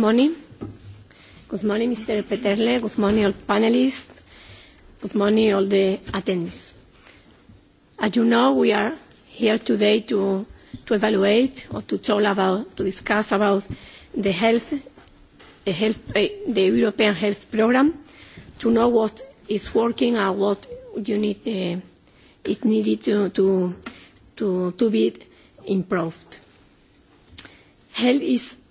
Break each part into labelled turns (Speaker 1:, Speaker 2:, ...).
Speaker 1: morning. Good morning, Mr. Peterle. Good morning, all panelists. Good morning, all the attendees. As you know, we are here today to, to evaluate or to talk about, to discuss about the health, the, health, eh, the European Health Programme, to know what is working and what you need, uh, is needed to, to, to, to be improved. Health is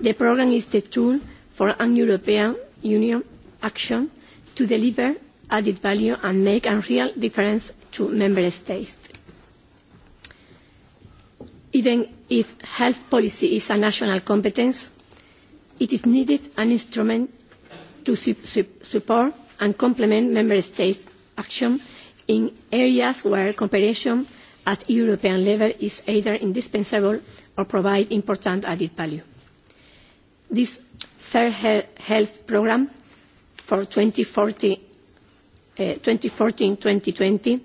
Speaker 1: The programme is the tool for a European Union action to deliver added value and make a real difference to member states. Even if health policy is a national competence, it is needed an instrument to su su support and complement member states' action in areas where cooperation at European level is either indispensable or provide important added value this fair he health program for 2014-2020 uh,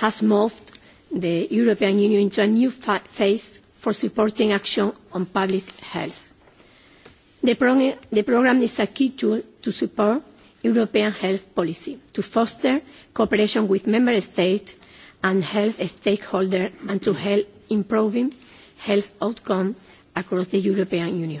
Speaker 1: has moved the European Union into a new fa phase for supporting action on public health. The, prog the program is a key tool to support European health policy, to foster cooperation with member states and health stakeholders, and to help improving health outcomes across the European Union.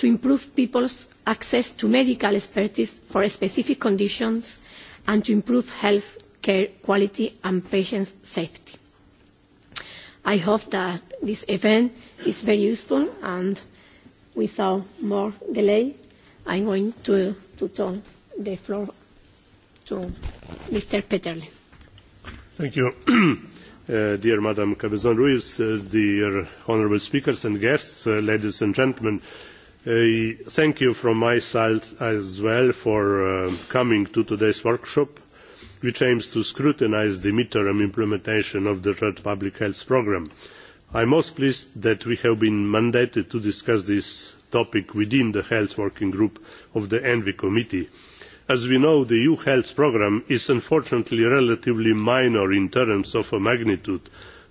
Speaker 1: to improve people's access to medical expertise for specific conditions and to improve health care quality and patient safety. I hope that this event is very useful and without more delay, I'm going to, to turn the floor to Mr. Peterle.
Speaker 2: Thank you. Uh, dear Madam Cabezon Ruiz, uh, dear honorable speakers and guests, uh, ladies and gentlemen, uh, Uh, thank you from my side as well for uh, coming to today's workshop, which aims to scrutinize the midterm implementation of the third public health programme. I'm most pleased that we have been mandated to discuss this topic within the health working group of the ENVI committee. As we know, the EU health programme is unfortunately relatively minor in terms of magnitude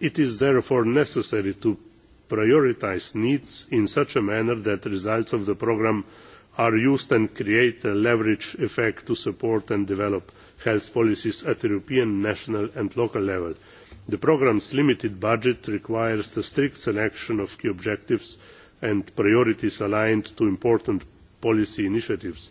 Speaker 2: it is therefore necessary to prioritise needs in such a manner that results of the programme are used and create a leverage effect to support and develop health policies at european national and local level. the programme's limited budget requires a strict selection of key objectives and priorities aligned to important policy initiatives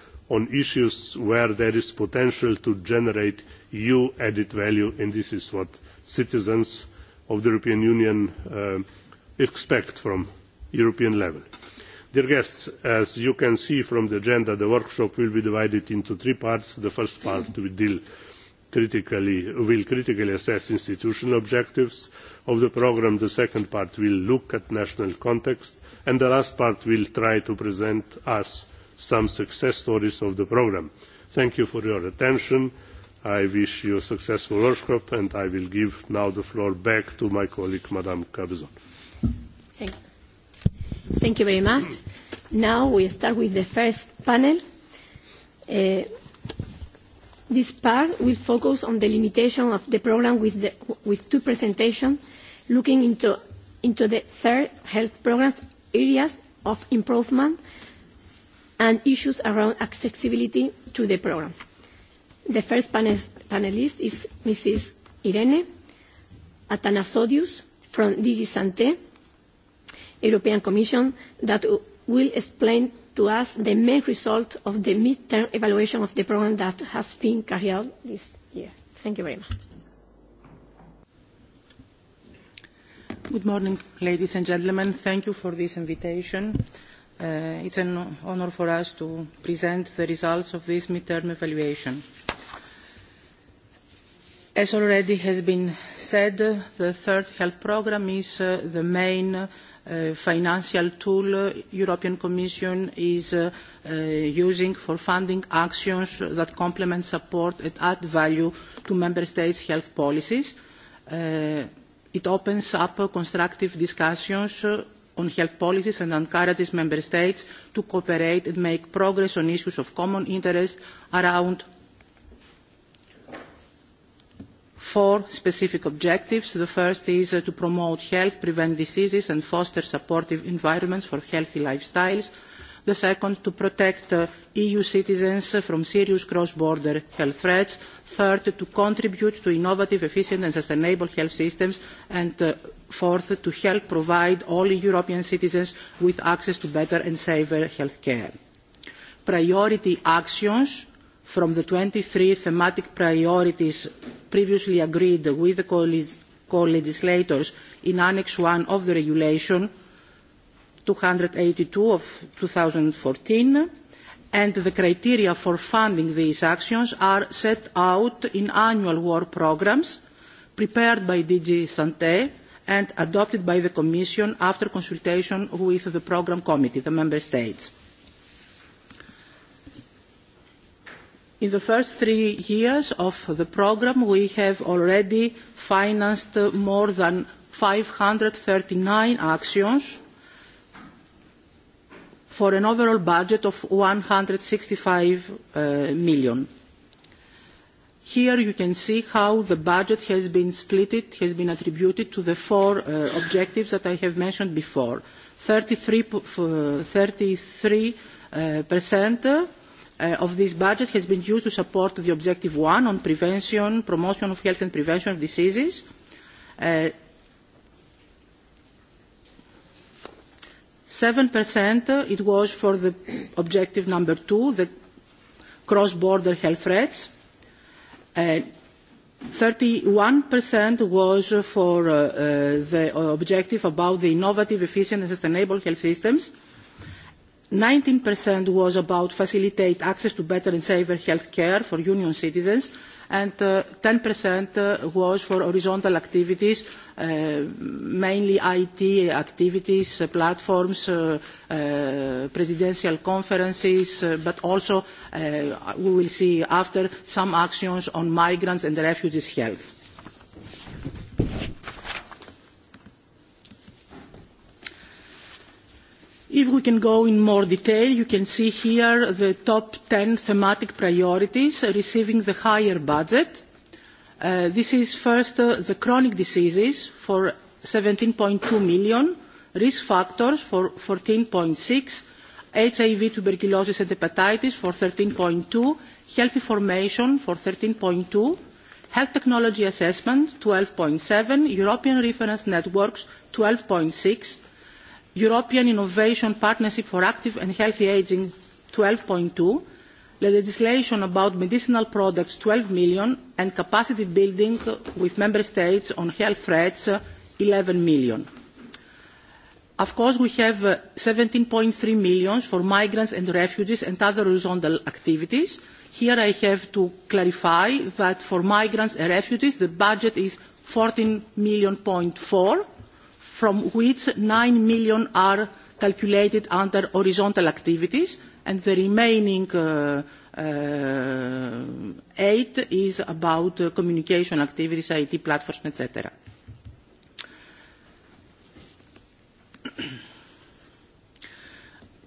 Speaker 2: on issues where there is potential to generate eu added value and this is what citizens of the european union uh, expect from european level dear guests as you can see from the agenda the workshop will be divided into three parts the first part will deal critically will critically assess institutional objectives of the programme the second part will look at national context and the last part will try to present us uh, some success stories of the programme. thank you for your attention. i wish you a successful workshop and i will give now the floor back to my colleague madam cabezon.
Speaker 1: Thank, thank you very much. now we start with the first panel. Uh, this part will focus on the limitation of the programme with, with two presentations looking into, into the third health programme's areas of improvement and issues around accessibility to the program. The first panel, panelist is Mrs. Irene Athanasodius from DG Santé, European Commission, that will explain to us the main result of the midterm evaluation of the program that has been carried out this year. Thank you very much.
Speaker 3: Good morning, ladies and gentlemen. Thank you for this invitation. Uh, it's an honor for us to present the results of this midterm evaluation. As already has been said, the third health program is uh, the main uh, financial tool European Commission is uh, uh, using for funding actions that complement support and add value to Member States' health policies. Uh, it opens up uh, constructive discussions uh, on health policies and encourages member states to cooperate and make progress on issues of common interest around four specific objectives. The first is uh, to promote health, prevent diseases and foster supportive environments for healthy lifestyles the second to protect uh, EU citizens from serious cross-border health threats, third to contribute to innovative, efficient and sustainable health systems, and uh, fourth to help provide all European citizens with access to better and safer health care. Priority actions from the 23 thematic priorities previously agreed with the co-legislators in Annex 1 of the regulation 282 of 2014, and the criteria for funding these actions are set out in annual work programs prepared by DG Santé and adopted by the Commission after consultation with the Programme Committee, the Member States. In the first three years of the programme, we have already financed more than 539 actions, for an overall budget of 165 uh, million. Here you can see how the budget has been split, has been attributed to the four uh, objectives that I have mentioned before. 33% uh, uh, uh, of this budget has been used to support the objective one on prevention, promotion of health and prevention of diseases. Uh, 7%, it was for the objective number two, the cross-border health threats. 31% was for uh, uh, the objective about the innovative, efficient, and sustainable health systems. 19% was about facilitate access to better and safer healthcare for union citizens, and 10% uh, was for horizontal activities Uh, mainly IT activities, uh, platforms, uh, uh, presidential conferences, uh, but also uh, we will see after some actions on migrants and refugees' health. If we can go in more detail, you can see here the top 10 thematic priorities receiving the higher budget. Uh, this is first uh, the chronic diseases for 17.2 million, risk factors for 14.6, HIV, tuberculosis and hepatitis for 13.2, healthy formation for 13.2, health technology assessment 12.7, European reference networks 12.6, European Innovation Partnership for Active and Healthy Aging legislation about medicinal products 12 million and capacity building with member states on health threats 11 million. Of course, we have 17.3 uh, million for migrants and refugees and other horizontal activities. Here I have to clarify that for migrants and refugees, the budget is 14.4 million, from which 9 million are calculated under horizontal activities, and the remaining 8 uh, million uh, is about uh, communication activities, IT platforms, et cetera.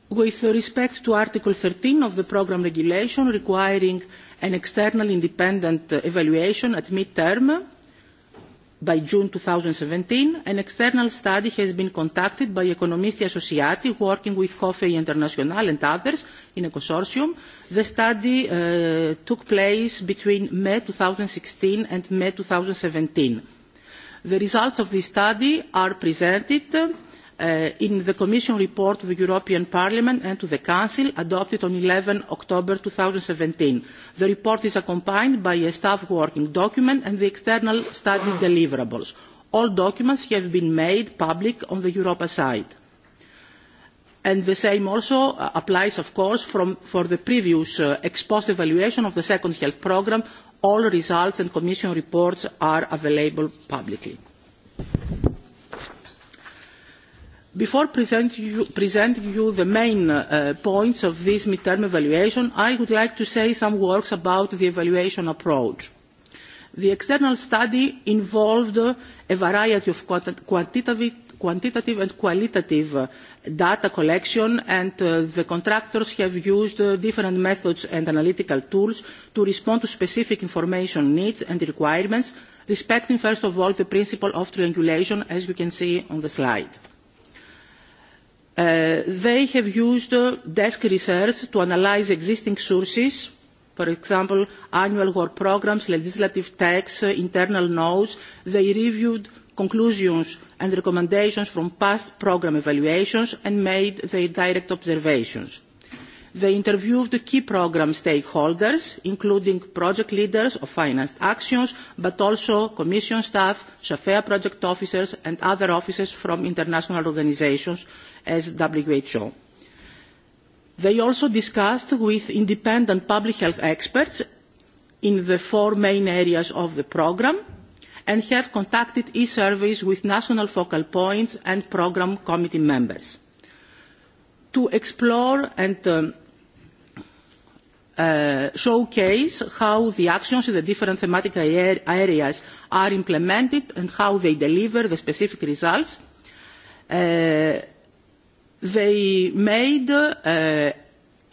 Speaker 3: With respect to Article 13 of the program regulation requiring an external independent evaluation at midterm, by June 2017, an external study has been conducted by Economisti Associati, working with COFE International and others in a consortium. The study uh, took place between May 2016 and May 2017. The results of this study are presented uh, Eh, in the commission report to the european parliament and to the council adopted on eleven october. two thousand and seventeen the report is accompanied by a staff working document and the external study deliverables. all documents have been made public on the europa site. And the same also uh, applies, of course, from, for the previous uh, ex post evaluation of the second health programme. all results and commission reports are available publicly. Before present you, presenting you the main uh, points of this midterm evaluation, I would like to say some words about the evaluation approach. The external study involved a variety of quantitative, quantitative and qualitative uh, data collection, and uh, the contractors have used uh, different methods and analytical tools to respond to specific information needs and requirements, respecting, first of all, the principle of triangulation, as you can see on the slide. Uh, they have used uh, desk research to analyze existing sources, for example, annual work programs, legislative texts, uh, internal notes. They reviewed conclusions and recommendations from past program evaluations and made their direct observations. They interviewed the key program stakeholders, including project leaders of financed actions, but also commission staff, SAFEA project officers, and other officers from international organizations as WHO. They also discussed with independent public health experts in the four main areas of the program and have contacted e-surveys with national focal points and program committee members. To explore and uh, Uh, showcase how the actions in the different thematic areas are implemented and how they deliver the specific results. Uh, they made uh,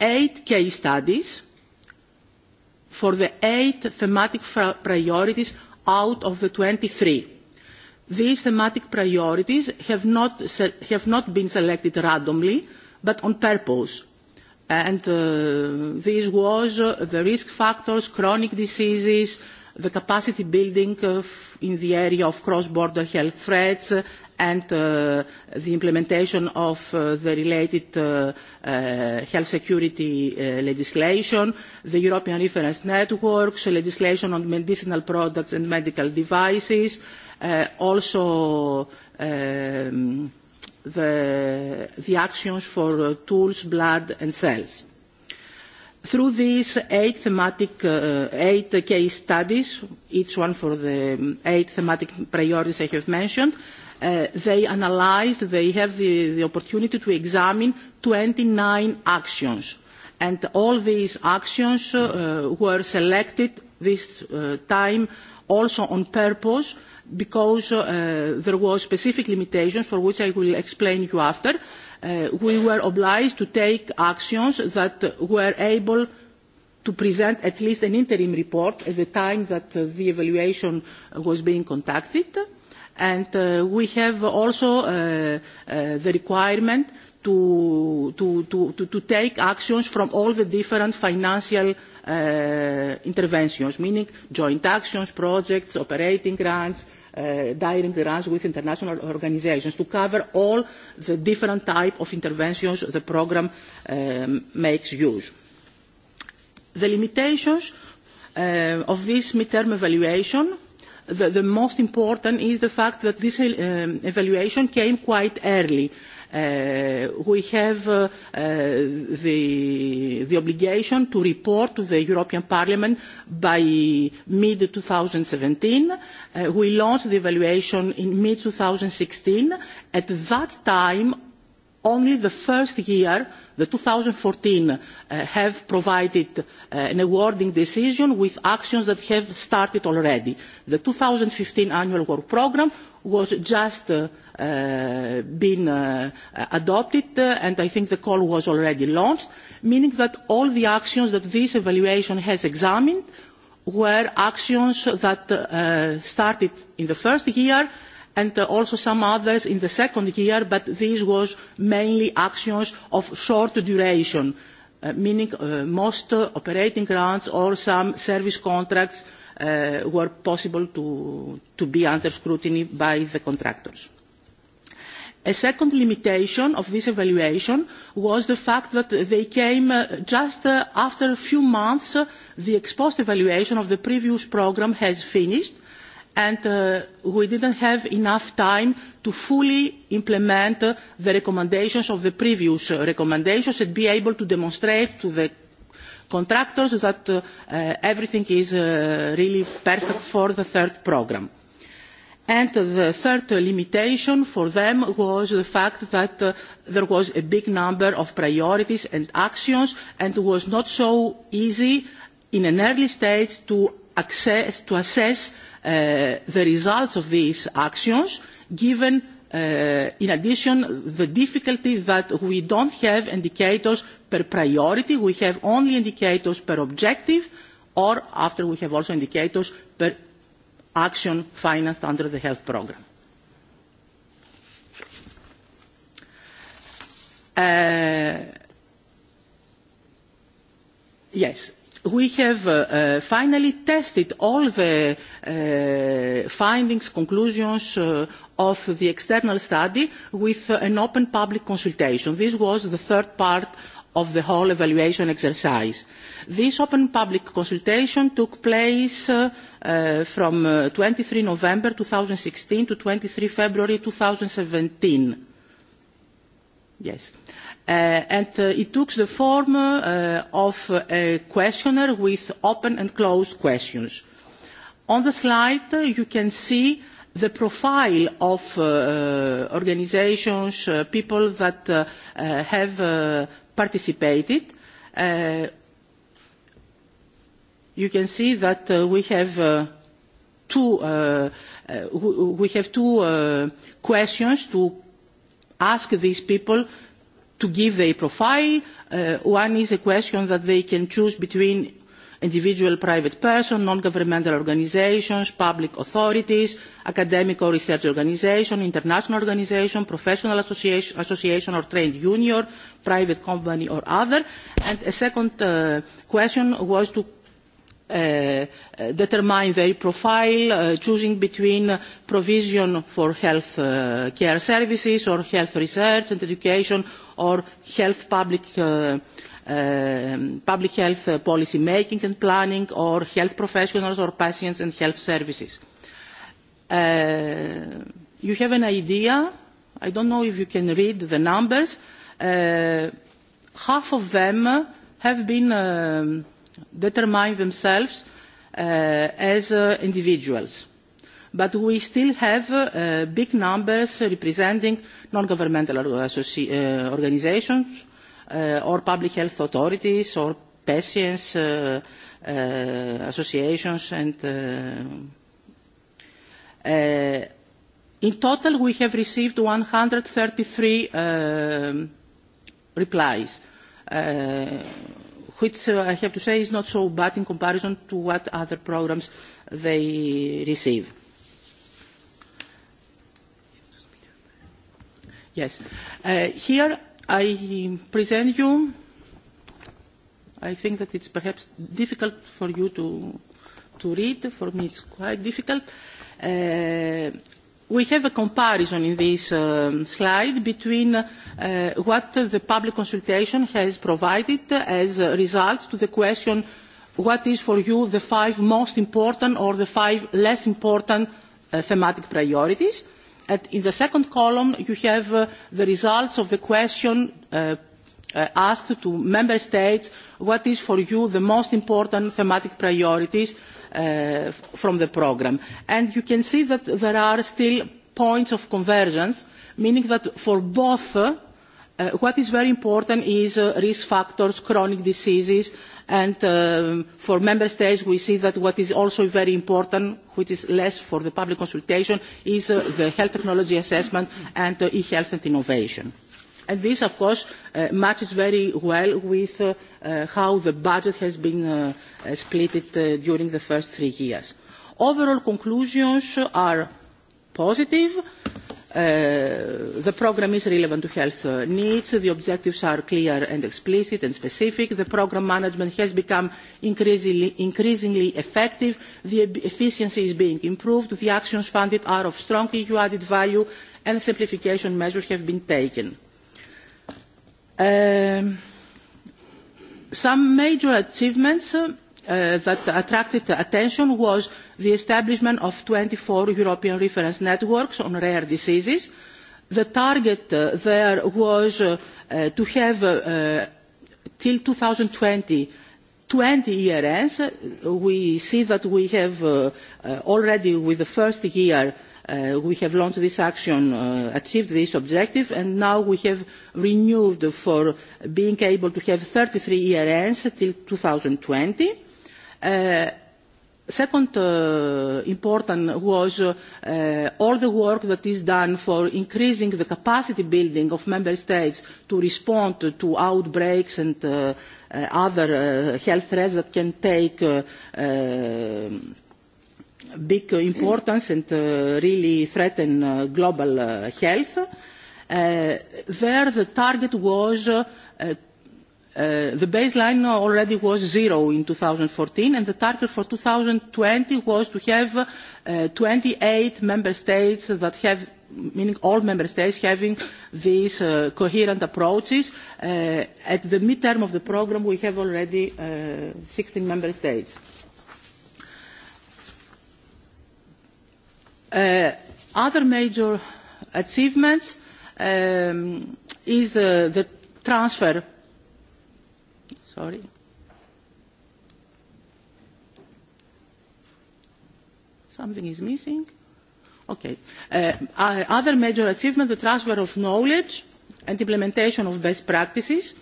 Speaker 3: eight case studies for the eight thematic fr- priorities out of the 23. These thematic priorities have not, se- have not been selected randomly, but on purpose and uh, this was uh, the risk factors, chronic diseases, the capacity building of, uh, in the area of cross-border health threats, uh, and uh, the implementation of uh, the related uh, uh, health security uh, legislation, the European reference networks, legislation on medicinal products and medical devices, uh, also um, the, the actions for uh, tools, blood and cells. Through these eight thematic, uh, eight case studies, each one for the eight thematic priorities I have mentioned, uh, they analyzed, they have the, the opportunity to examine 29 actions. And all these actions uh, were selected this uh, time also on purpose uh, because uh, there was specific limitations for which I will explain you after, uh, we were obliged to take actions that were able to present at least an interim report at the time that uh, the evaluation was being conducted. And uh, we have also uh, uh, the requirement to, to, to, to take actions from all the different financial uh, interventions, meaning joint actions, projects, operating grants, uh, direct runs with international organizations to cover all the different type of interventions the program uh, makes use. The limitations uh, of this midterm evaluation, the, the most important is the fact that this um, evaluation came quite early. Uh, Uh, we have uh, the, the obligation to report to the European Parliament by mid-2017. Uh, we launched the evaluation in mid-2016. At that time, only the first year, the 2014, uh, have provided uh, an awarding decision with actions that have started already. The 2015 annual work programme was just uh, uh, been uh, adopted uh, and I think the call was already launched, meaning that all the actions that this evaluation has examined were actions that uh, started in the first year and uh, also some others in the second year, but this was mainly actions of short duration, uh, meaning uh, most uh, operating grants or some service contracts uh, uh, were possible to, to be under scrutiny by the contractors. A second limitation of this evaluation was the fact that they came uh, just uh, after a few months uh, the exposed evaluation of the previous program has finished and uh, we didn't have enough time to fully implement uh, the recommendations of the previous uh, recommendations and be able to demonstrate to the contractors that uh, uh, everything is uh, really perfect for the third programme. And the third limitation for them was the fact that uh, there was a big number of priorities and actions and it was not so easy in an early stage to, access, to assess uh, the results of these actions given uh, in addition the difficulty that we don't have indicators per priority. We have only indicators per objective or after we have also indicators per action financed under the health programme. Uh, yes, we have uh, uh, finally tested all the uh, findings, conclusions uh, of the external study with uh, an open public consultation. This was the third part of the whole evaluation exercise. This open public consultation took place uh, uh, from uh, 23 November 2016 to 23 February 2017. Yes. Uh, and uh, it took the form uh, of a questionnaire with open and closed questions. On the slide, uh, you can see the profile of uh, organizations, uh, people that uh, uh have uh, participated. Uh, you can see that uh, we have uh, two uh, uh, we have two uh, questions to ask these people to give their profile. Uh, one is a question that they can choose between individual private person, non-governmental organizations, public authorities, academic or research organization, international organization, professional association, association or trade union, private company or other. And a second uh, question was to uh, uh determine their profile, uh, choosing between provision for health uh, care services or health research and education or health public uh, Um, public health uh, policy making and planning or health professionals or patients and health services. Uh, you have an idea, I don't know if you can read the numbers, uh, half of them have been um, determined themselves uh, as uh, individuals. But we still have uh, big numbers representing non-governmental uh, uh, organizations, uh, uh, or public health authorities or patients uh, uh, associations and uh, uh, in total, we have received 133 uh, replies, uh, which uh, I have to say is not so bad in comparison to what other programs they receive. Yes. Uh, here, I present you, I think that it's perhaps difficult for you to, to read, for me it's quite difficult. Uh, we have a comparison in this um, slide between uh, what the public consultation has provided as results to the question what is for you the five most important or the five less important uh, thematic priorities at in the second column you have uh, the results of the question uh, uh, asked to member states what is for you the most important thematic priorities uh, from the program and you can see that there are still points of convergence meaning that for both uh, Uh, what is very important is uh, risk factors, chronic diseases, and uh, for member states we see that what is also very important, which is less for the public consultation, is uh, the health technology assessment and uh, e-health and innovation. And this, of course, uh, matches very well with uh, uh, how the budget has been uh, uh, split uh, during the first three years. Overall conclusions are positive. Uh, Uh, the programme is relevant to health needs. The objectives are clear and explicit and specific. The programme management has become increasingly, increasingly effective. The efficiency is being improved. The actions funded are of strong EU added value and simplification measures have been taken. Um, some major achievements uh, Uh, that attracted attention was the establishment of 24 European reference networks on rare diseases. The target uh, there was uh, uh, to have, uh, uh, till 2020, 20 year ends. We see that we have uh, uh, already, with the first year, uh, we have launched this action, uh, achieved this objective, and now we have renewed for being able to have 33 year ends till 2020. Eh, second uh, eh, important was uh, all the work that is done for increasing the capacity building of member states to respond to, to outbreaks and uh, uh, other uh, health threats that can take uh, uh, big importance and uh, really threaten uh, global uh, health. Uh, there the target was uh, Uh, the baseline already was zero in 2014, and the target for 2020 was to have uh, 28 member states that have, meaning all member states having these uh, coherent approaches. Uh, at the midterm of the program, we have already uh, 16 member states. Uh, other major achievements um, is uh, the transfer Sorry. Something is missing. Okay. Uh, uh, other major achievement, the transfer of knowledge and implementation of best practices.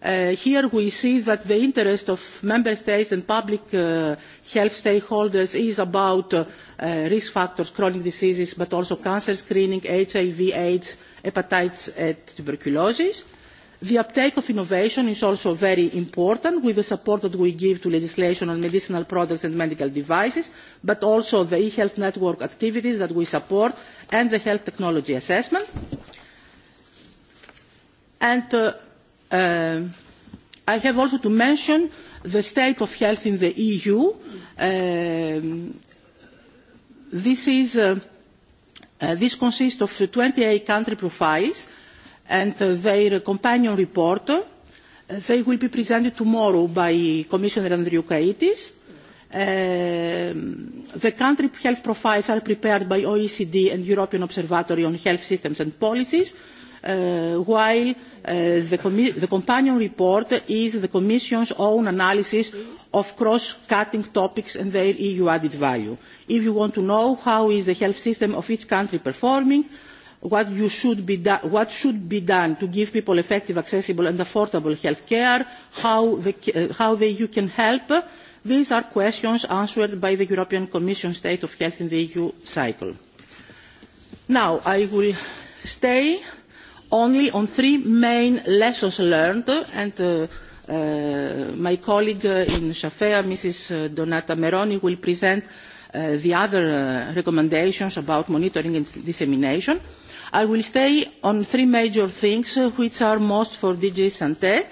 Speaker 3: Uh, here we see that the interest of member states and public uh, health stakeholders is about uh, uh, risk factors, chronic diseases, but also cancer screening, HIV, AIDS, hepatitis, and tuberculosis. The uptake of innovation is also very important with the support that we give to legislation on medicinal products and medical devices, but also the e-health network activities that we support and the health technology assessment. And uh, uh, I have also to mention the state of health in the EU. Um, this, is, uh, uh, this consists of 28 country profiles uh, and their companion report. They will be presented tomorrow by Commissioner Andriukaitis. Um, the country health profiles are prepared by OECD and European Observatory on Health Systems and Policies, uh, while uh, the companion report is the Commission's own analysis of cross-cutting topics and their EU added value. If you want to know how is the health system of each country performing, what, you should be what should be done to give people effective, accessible and affordable health care, how the, uh, how the EU can help. These are questions answered by the European Commission State of Health in the EU cycle. Now, I will stay only on three main lessons learned, and uh, uh, my colleague uh, in Shafea, Mrs. Uh, Donata Meroni, will present uh, the other uh, recommendations about monitoring and dissemination. Uh, I will stay on three major things uh, which are most for DG Santé.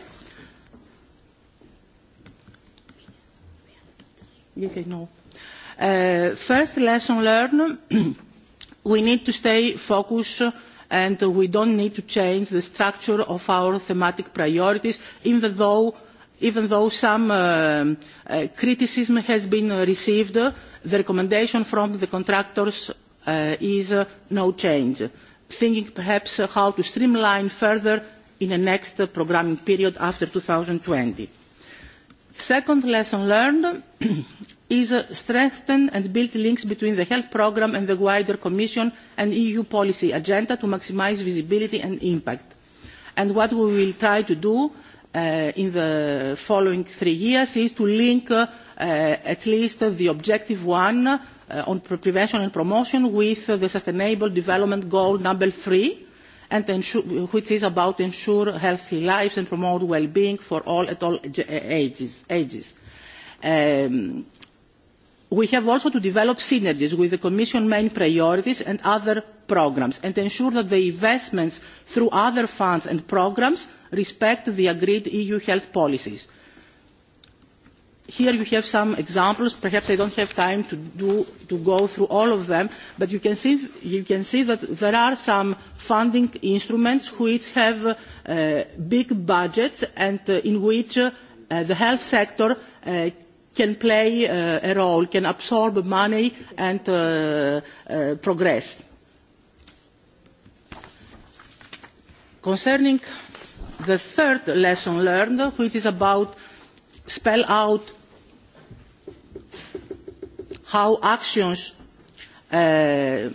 Speaker 3: Okay, no. Uh, first lesson learned, we need to stay focused and we don't need to change the structure of our thematic priorities, even though, even though some uh, uh, criticism has been received, the recommendation from the contractors uh, is uh, no change. Uh, thinking perhaps uh, how to streamline further in the next uh, programming period after 2020. Second lesson learned is uh, strengthen and build links between the health program and the wider Commission and EU policy agenda to maximize visibility and impact. And what we will try to do uh, in the following three years is to link uh, uh, at least uh, the objective one uh, Uh, on prevention and promotion with uh, the sustainable development goal number three, and which is about ensure healthy lives and promote well-being for all at all uh, ages. ages. Um, we have also to develop synergies with the Commission main priorities and other programs and ensure that the investments through other funds and programs respect the agreed EU health policies here you have some examples. Perhaps I don't have time to, do, to go through all of them, but you can, see, you can see that there are some funding instruments which have uh, big budgets and uh, in which uh, the health sector uh, can play uh, a role, can absorb money and uh, uh, progress. Concerning the third lesson learned, which is about spell out how actions uh,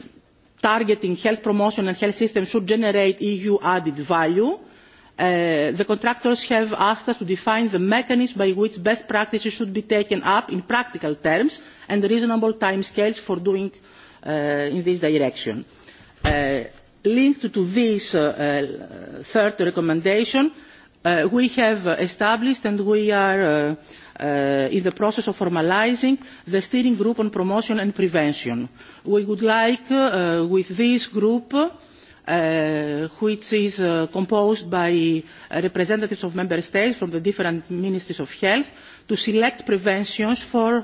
Speaker 3: targeting health promotion and health systems should generate EU added value. Uh, the contractors have asked us to define the mechanism by which best practices should be taken up in practical terms and reasonable timescales for doing uh, in this direction. Uh, linked to this uh, uh, third recommendation, uh, we have established and we are uh, uh, in the process of formalizing the steering group on promotion and prevention. We would like, uh, with this group, uh, which is uh, composed by uh, representatives of member states from the different ministries of health, to select preventions for,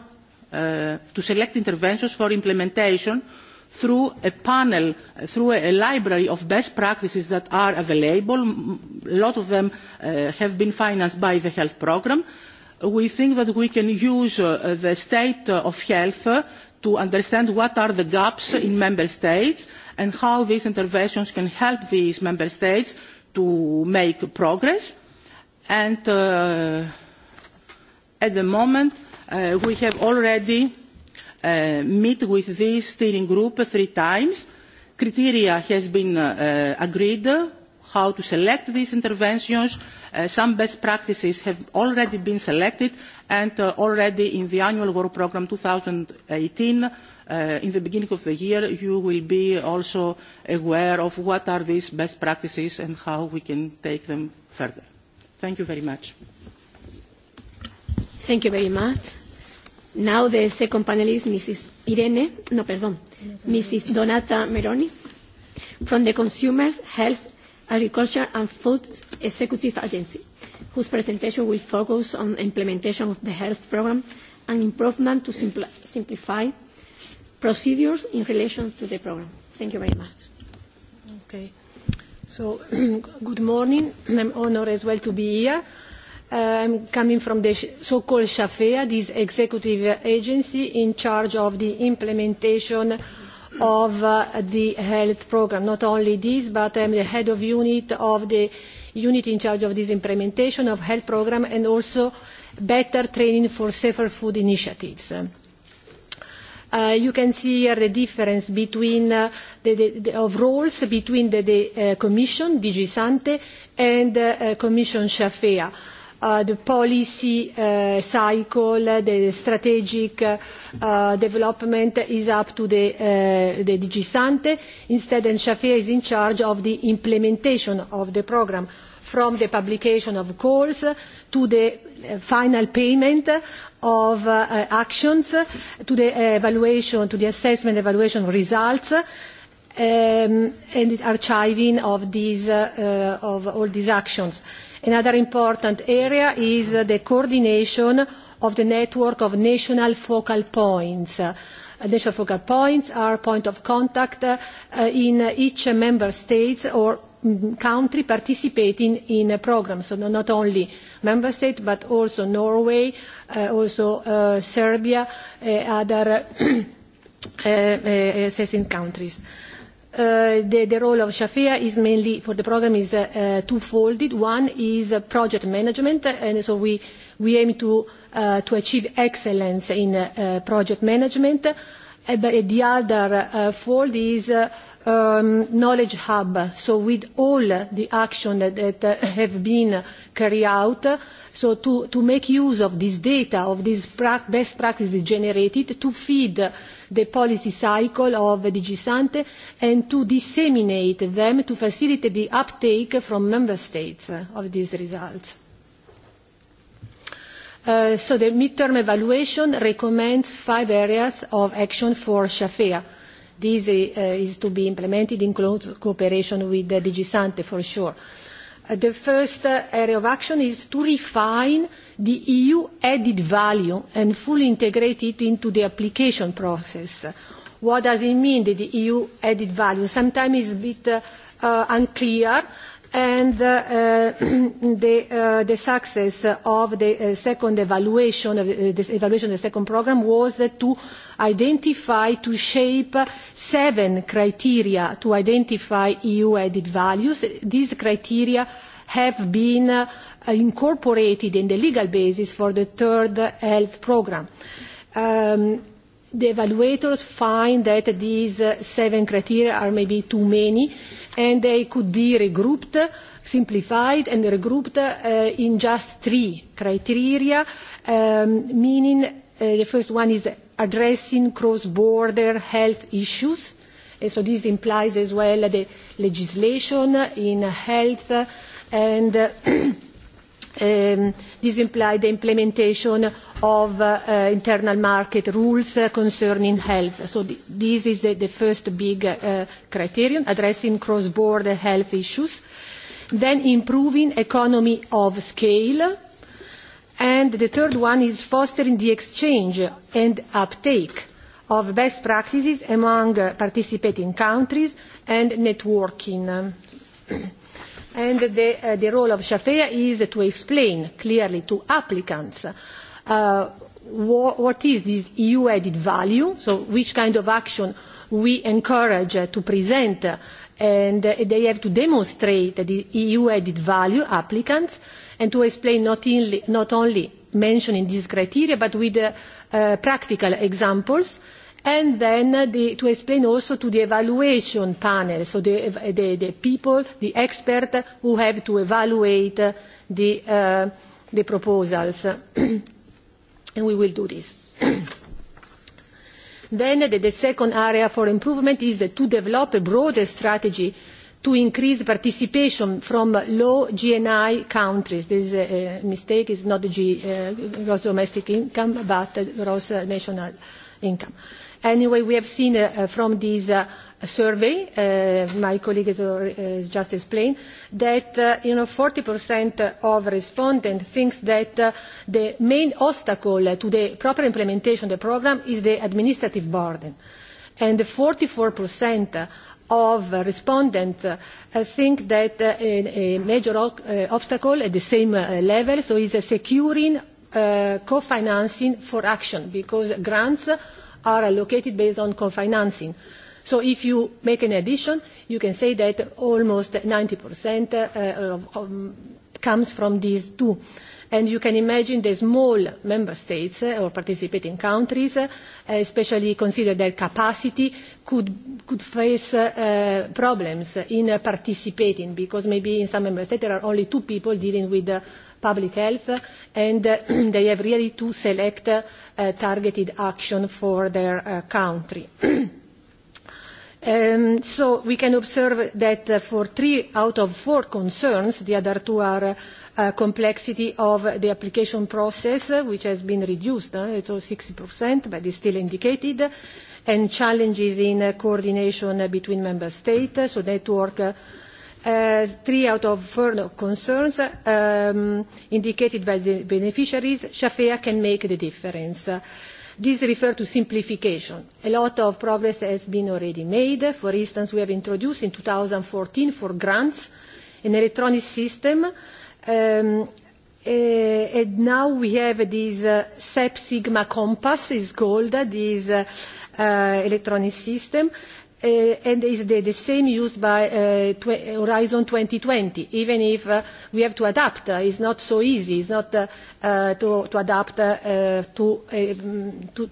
Speaker 3: uh, to select interventions for implementation through a panel, through a library of best practices that are available. A lot of them uh, have been financed by the health programme we think that we can use uh, the state uh, of health uh, to understand what are the gaps in member states and how these interventions can help these member states to make progress. And uh, at the moment, uh, we have already uh, met with this steering group three times. Criteria has been uh, agreed uh, how to select these interventions. Uh, some best practices have already been selected and uh, already in the annual work program 2018 uh, in the beginning of the year you will be also aware of what are these best practices and how we can take them further thank you very much
Speaker 1: thank you very much now the second panelist mrs irene no perdón mrs donata meroni from the consumers health Agriculture and Food Executive Agency, whose presentation will focus on implementation of the health programme and improvement to simpl simplify procedures in relation to the programme. Thank you very much. Okay. So, good morning. I'm honoured as well to
Speaker 4: be here. Uh, I'm um, coming from the so-called SHAFEA, this executive agency in charge of the implementation of of uh, the health program. Not only this, but I'm the head of unit of the unit in charge of this implementation of health program and also better training for safer food initiatives. Uh, you can see here the difference between uh, the, the, the, of roles between the, the uh, Commission, DG Sante, and uh, uh, Commission Shafea. Uh, Uh, the policy uh, cycle, the strategic uh, development is up to the DG Sante. Instead, Anne-Sophie is in charge of the implementation of the program, from the publication of calls to the final payment of actions, to the evaluation, to the assessment evaluation results, um, and archiving of these of all these actions. Another important area is the coordination of the network of national focal points. Uh, national focal points are points of contact uh, in each member state or mm, country participating in a program. So no, not only member state, but also Norway, uh, also Serbia, other assessing countries. Uh, the role of Shafia is mainly for the program is uh, uh two-folded. One is uh, project management, uh, and so we, we aim to, uh, to achieve excellence in uh, project management. Uh, but the other uh, fold is uh, um, knowledge hub. So with all the action that, that have been carried out, so to, to make use of this data, of these pra- best practices generated, to feed the policy cycle of DigiSante and to disseminate them to facilitate the uptake from member states of these results. Uh, so the midterm evaluation recommends five areas of action for Shafea this uh, is to be implemented in close cooperation with Digisante, for sure. Uh, the first uh, area of action is to refine the EU added value and fully integrate it into the application process. What does it mean, the EU added value? Sometimes it's a bit unclear, and uh, uh, the success of the uh, second evaluation of this evaluation, the second program, was to identify, to shape seven criteria to identify EU added values. These criteria have been incorporated in the legal basis for the third health program. Um, the evaluators find that these uh, seven criteria are maybe too many and they could be regrouped, simplified and regrouped uh, in just three criteria, um, meaning uh, the first one is addressing cross-border health issues. And so this implies as well the legislation in health and uh, um, ehm, this implies the implementation of uh, uh, internal market rules uh, concerning health. So th- this is the, the first big uh, criterion, addressing cross-border health issues. Then improving economy of scale. And the third one is fostering the exchange and uptake of best practices among uh, participating countries and networking and the, uh, the role of Shafia is to explain clearly to applicants uh, wh- what is this EU added value, so which kind of action we encourage uh, to present, uh, and uh, they have to demonstrate the EU added value applicants, and to explain not, in li- not only mentioning these criteria, but with uh, uh, practical examples and then the, to explain also to the evaluation panel, so the, the, the people, the experts who have to evaluate the, uh, the proposals. and we will do this. then the, the second area for improvement is to develop a broader strategy to increase participation from low GNI countries. This is a, a mistake, it's not the G, uh, gross domestic income, but uh, gross national income. Uh, Anyway, we have seen uh, uh, from this uh, survey, my colleague has just explained, that 40% of respondents think that the main obstacle to the proper implementation of the program is the administrative burden. And 44% of respondents think that a major obstacle at the same level, so it's securing co-financing for action because grants are allocated based on co-financing. So if you make an addition, you can say that almost 90% uh, um, comes from these two. And you can imagine the small member states uh, or participating countries, uh, especially consider their capacity, could, could face uh, uh, problems in uh, participating because maybe in some member states there are only two people dealing with uh, public health and uh, they have really to select uh, targeted action for their uh, country. Um, so we can observe that uh, for three out of four concerns, the other two are uh, uh, complexity of the application process, uh, which has been reduced, uh, it's all 60%, but it's still indicated, and challenges in uh, coordination uh, between member states, uh, so network uh, Uh, three out of four concerns um, indicated by the beneficiaries, Shafea can make the difference. This refers to simplification. A lot of progress has been already made. For instance, we have introduced in 2014 for grants an electronic system. Um, uh, and now we have this uh, SEP Sigma Compass, is called uh, this uh, uh, electronic system. Uh, and is the same used by uh, Horizon 2020, even if uh, we have to adapt. It's not so easy. It's not to adapt to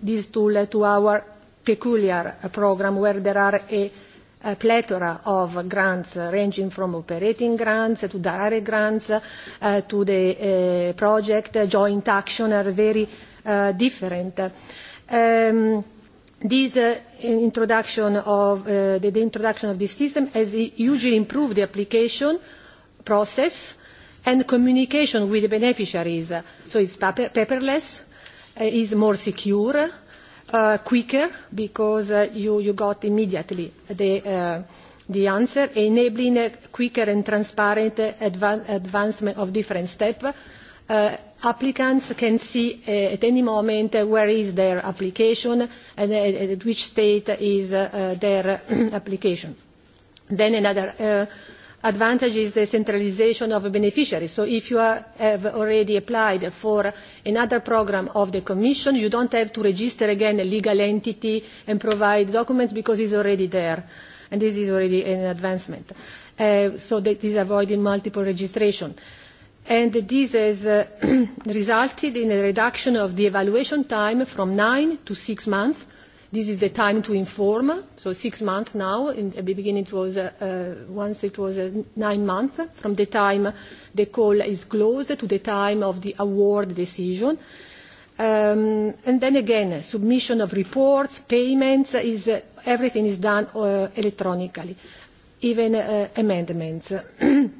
Speaker 4: this tool to our peculiar program, where there are a plethora of grants, ranging from operating grants to direct grants to the project joint action, are very different. Um, This uh, introduction of uh, the introduction of this system has hugely improved the application process and communication with the beneficiaries. So it's paperless, uh, is more secure, quicker, because you got immediately the answer, enabling a quicker and transparent advancement of different step, applicants can see uh, at any moment uh, where is their application and uh, at which state is uh, uh, their application. Then another uh, advantage is the centralization of beneficiaries. So if you are, have already applied for another program of the Commission, you don't have to register again a legal entity and provide documents because it's already there. And this is already an advancement. Uh, so that is avoiding multiple registration. Uh, and this has uh, resulted in a reduction of the evaluation time from nine to six months. This is the time to inform, so six months now. In the beginning, it was uh, uh, once it was uh, nine months from the time the call is closed to the time of the award decision. Um, and then again, submission of reports, payments, is, uh, everything is done uh, electronically, even uh, amendments.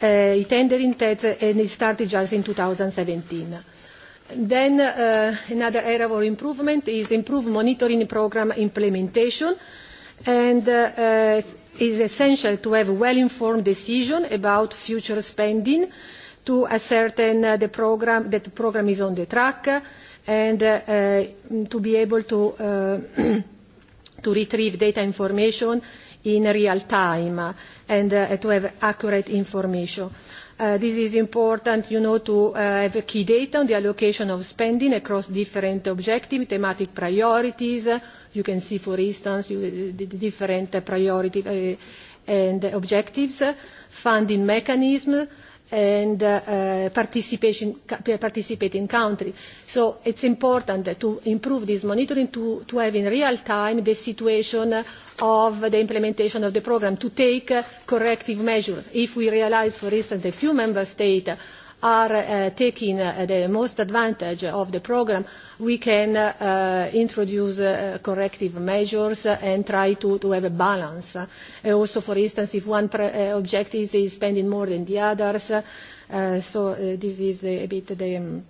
Speaker 4: a eh, tender intent and it started just in 2017. Eh, Then uh, another area of improvement is improved monitoring program implementation and uh, uh, it is essential to have well-informed decision about future spending to ascertain uh, the program, that the program is on the track and uh, uh, to be able to, uh, to retrieve data information in real time and uh, to have accurate information. Uh, this is important, you know, to uh, have key data on the allocation of spending across different objectives, thematic priorities. Uh, you can see, for instance, you, the, the different uh, priorities uh, and objectives, uh, funding mechanisms, and uh, uh, participating country. So it's important to improve this monitoring, to, to have in real time the situation of the implementation of the program, to take uh, corrective measures. If we realize, for instance, a few member states uh, are uh, taking uh, the most advantage of the program, we can uh, introduce corrective measures and try to have a balance. Also, for instance, if one objective is spending more than the others, so this is a bit the um,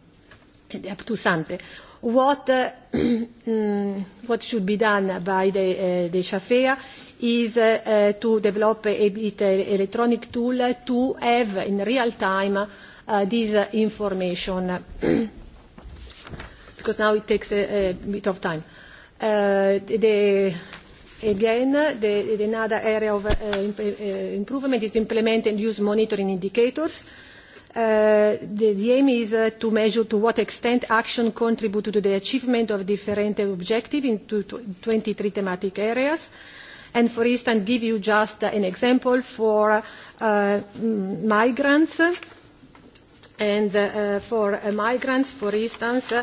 Speaker 4: up to Sante. Mm, what should be done by the CAFEA is to develop a bit electronic tool to have, in real time, Uh, this uh, information because now it takes a, a bit of time. Uh, the, again, the, the another area of uh, uh improvement is implementing use monitoring indicators. Uh, the, the aim is uh, to measure to what extent action contributes to the achievement of different objectives in two, 23 thematic areas. And for instance, give you just an example for uh, migrants. Uh, And uh, for uh, migrants, for instance, uh,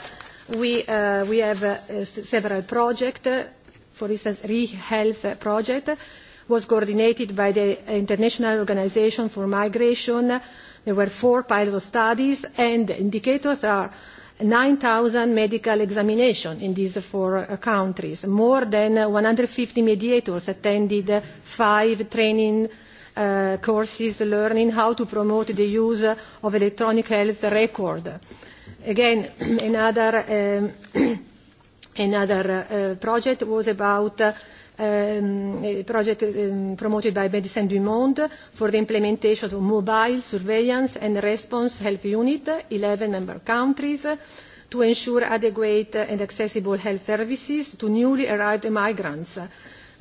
Speaker 4: we, uh, we have uh, s- several projects. Uh, for instance, ReHealth uh, project was coordinated by the International Organization for Migration. There were four pilot studies, and the indicators are 9,000 medical examinations in these four uh, countries. More than 150 uh, mediators attended uh, five training uh, courses learning how to promote the use of electronic health record. Again, another, um, another uh, project was about uh, um, a project um, promoted by Medicine du Monde for the implementation of mobile surveillance and response health unit, 11 member countries, to ensure adequate and accessible health services to newly arrived migrants. Uh,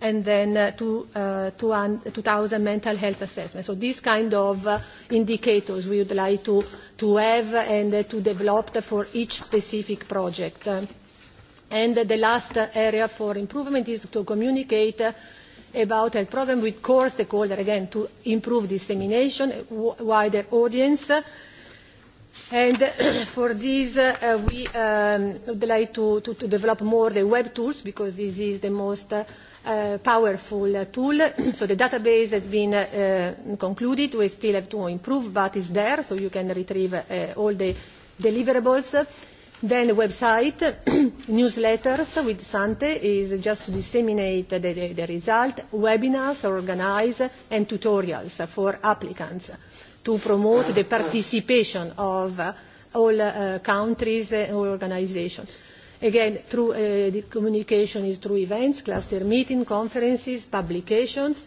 Speaker 4: and then uh, to, uh, 2000 mental health assessments. So these kind of uh, indicators we would like to, to have and uh, to develop for each specific project. Uh, and uh, the last area for improvement is to communicate uh, about health program with core stakeholders, again, to improve dissemination, w- wider audience. And for this, uh, we um, would like to, to, to develop more the web tools because this is the most uh, Eh, powerful tool. So the database has been uh, concluded. We still have to improve, but it's there, so you can retrieve uh, all the deliverables. Then the website, newsletters with Sante is just to disseminate the, the, the result, webinars organized, and tutorials for applicants to promote the participation of uh, all uh, countries and organizations. Again, through uh, the communication is through events, cluster meeting, conferences, publications,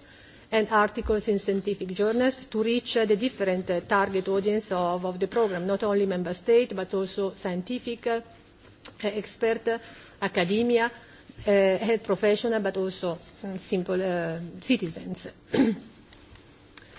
Speaker 4: and articles in scientific journals to reach uh, the different uh, target audience of, of the program, not only member state, but also scientific uh, expert, uh, academia, uh, health professional, but also um, simple uh, citizens.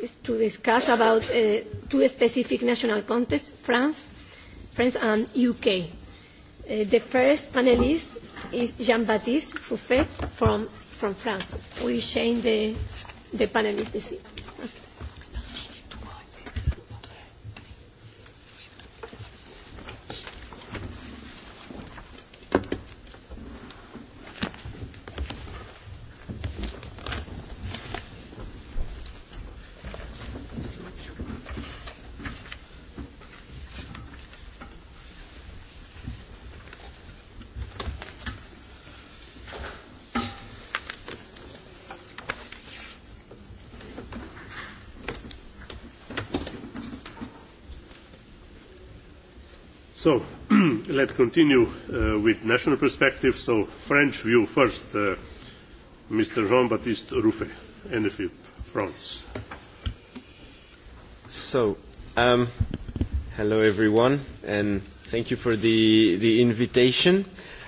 Speaker 1: is to discuss about uh, two specific national contests, France, France and UK. Uh, the first panelist is Jean-Baptiste Fouffet from, from France. We change the, the panelist this evening.
Speaker 2: Let's continue uh, with national perspective. So, French view first. Uh, Mr. Jean Baptiste Ruffet, NFI France. So, um, hello everyone,
Speaker 5: and thank you for the, the invitation.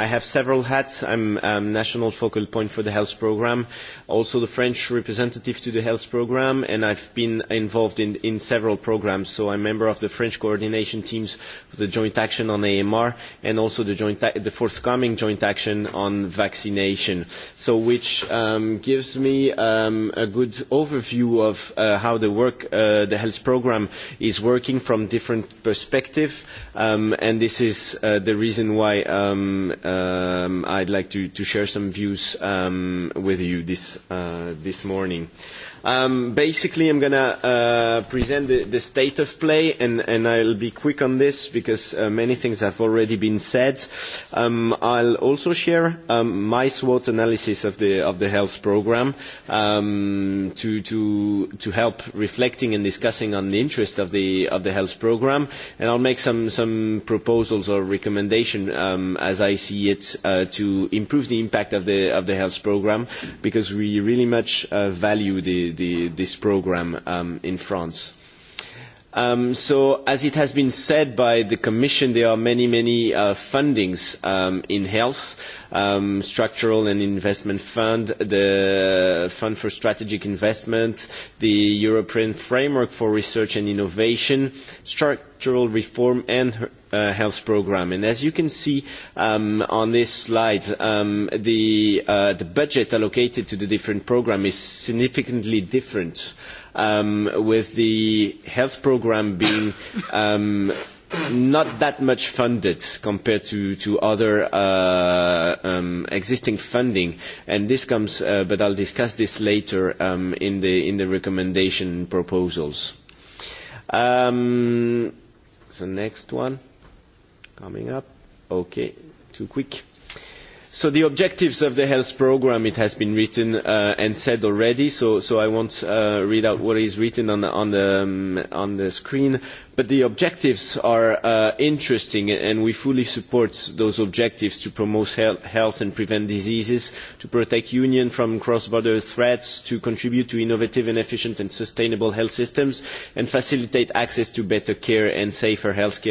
Speaker 5: I have several hats. I'm um, national focal point for the health program, also the French representative to the health program, and I've been involved in, in several programs. So I'm a member of the French coordination teams for the joint action on AMR and also the, joint, the forthcoming joint action on vaccination. So which um, gives me um, a good overview of uh, how the work, uh, the health program is working from different perspectives. Um, and this is uh, the reason why um, uh, um, I'd like to, to share some views um, with you this, uh, this morning. Uh, Um, basically, I'm going to uh, present the, the state of play, and, and I'll be quick on this because uh, many things have already been said. Um, I'll also share um, my SWOT analysis of the, of the health program um, to, to, to help reflecting and discussing on the interest of the, of the health program, and I'll make some, some proposals or recommendations um, as I see it uh, to improve the impact of the, of the health program because we really much uh, value the the, this program um, in France? Um, so, as it has been said by the Commission, there are many, many uh, fundings um, in health, um, structural and investment fund, the fund for strategic investment, the European framework for research and innovation, structural reform and uh, health program. And as you can see um, on this slide, um, the, uh, the budget allocated to the different program is significantly different um, with the health program being um, not that much funded compared to, to other uh, um, existing funding. And this comes, uh, but I'll discuss this later um, in, the, in the recommendation proposals. Um, so next one coming up. Okay, too quick. So the objectives of the health program, it has been written uh, and said already, so, so I won't uh, read out what is written on the, on the, um, on the screen but the objectives are uh, interesting and we fully support those objectives to promote health and prevent diseases, to protect union from cross-border threats, to contribute to innovative and efficient and sustainable health systems, and facilitate access to better care and safer health care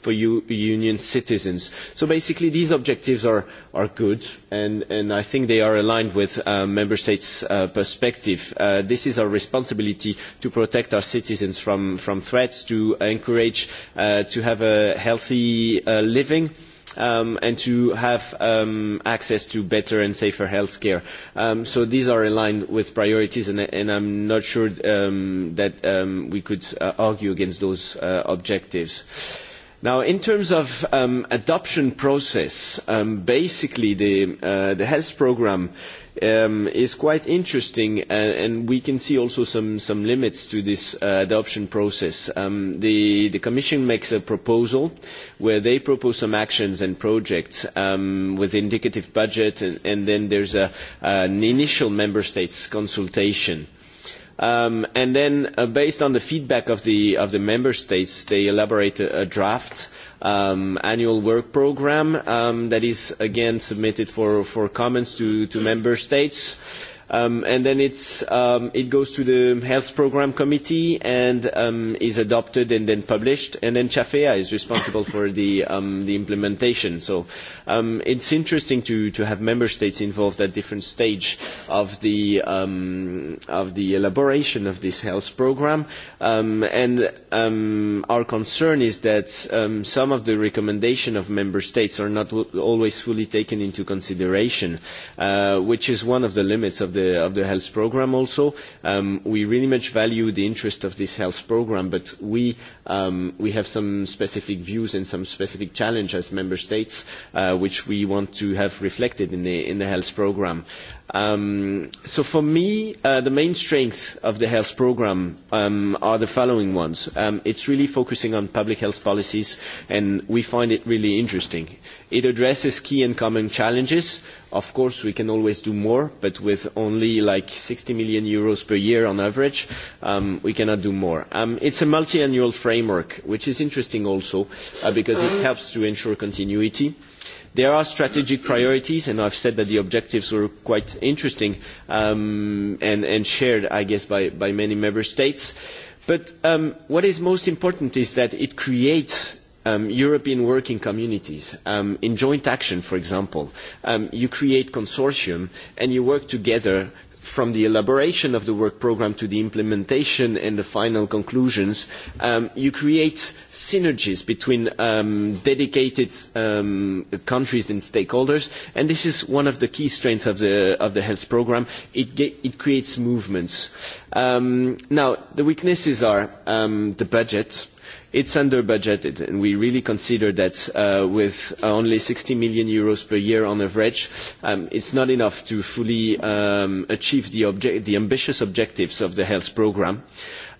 Speaker 5: for U union citizens. So basically these objectives are, are good and, and I think they are aligned with uh, member states' uh, perspective. Uh, this is our responsibility to protect our citizens from, from threats, to uh, encourage uh, to have a healthy uh, living um, and to have um, access to better and safer health care. Um, so these are aligned with priorities, and, and I'm not sure um, that um, we could uh, argue against those uh, objectives. Now, in terms of um, adoption process, um, basically the, uh, the health programme uh, um, is quite interesting, and, uh, and we can see also some, some limits to this uh, adoption process. Um, the, the Commission makes a proposal where they propose some actions and projects um, with indicative budget, and, and then there's a, an initial Member States consultation. Um, and then, uh, based on the feedback of the, of the Member States, they elaborate a, a draft um, annual work program um, that is again submitted for, for comments to, to member states. Uh, um, and then it's, um, it goes to the health program committee and um, is adopted and then published. And then CHAFEA is responsible for the, um, the implementation. So um, it's interesting to, to have member states involved at different stage of the, um, of the elaboration of this health program. Um, and um, our concern is that um, some of the recommendations of member states are not w- always fully taken into consideration, uh, which is one of the limits of the the of the health program also um, we really much value the interest of this health program but we um, we have some specific views and some specific challenge as member states uh, which we want to have reflected in the in the health program uh, Um, so for me, uh, the main strength of the health program um, are the following ones. Um, it's really focusing on public health policies, and we find it really interesting. It addresses key and common challenges. Of course, we can always do more, but with only like 60 million euros per year on average, um, we cannot do more. Um, it's a multi-annual framework, which is interesting also, uh, because it helps to ensure continuity there are strategic priorities, and I've said that the objectives were quite interesting um, and, and shared, I guess, by, by many member states. But um, what is most important is that it creates um, European working communities. Um, in joint action, for example, um, you create consortium and you work together from the elaboration of the work program to the implementation and the final conclusions, um, you create synergies between um, dedicated um, countries and stakeholders, and this is one of the key strengths of the, of the health program. It, get, it creates movements. Um, now, the weaknesses are um, the budget, it's under budgeted and we really consider that uh, with only 60 million euros per year on average um, it's not enough to fully um, achieve the, obje- the ambitious objectives of the health programme.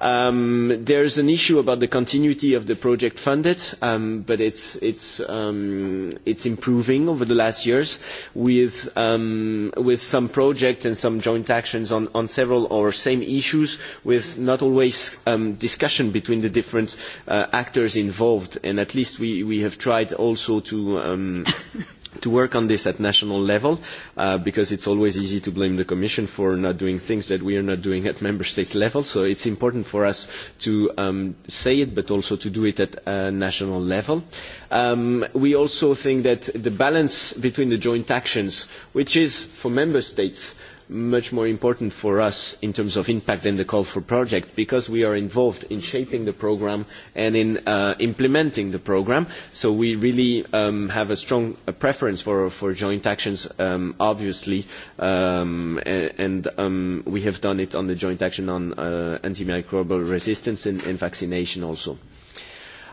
Speaker 5: Um, there is an issue about the continuity of the project funded, um, but it's, it's, um, it's improving over the last years with, um, with some projects and some joint actions on, on several or same issues with not always um, discussion between the different uh, actors involved. And at least we, we have tried also to... Um, to work on this at national level uh, because it's always easy to blame the Commission for not doing things that we are not doing at member state level. So it's important for us to um, say it but also to do it at a uh, national level. Um, we also think that the balance between the joint actions, which is for member states, much more important for us in terms of impact than the call for project because we are involved in shaping the program and in uh, implementing the program. So we really um, have a strong a uh, preference for, for joint actions, um, obviously, um, and, and um, we have done it on the joint action on uh, antimicrobial resistance and, and vaccination also.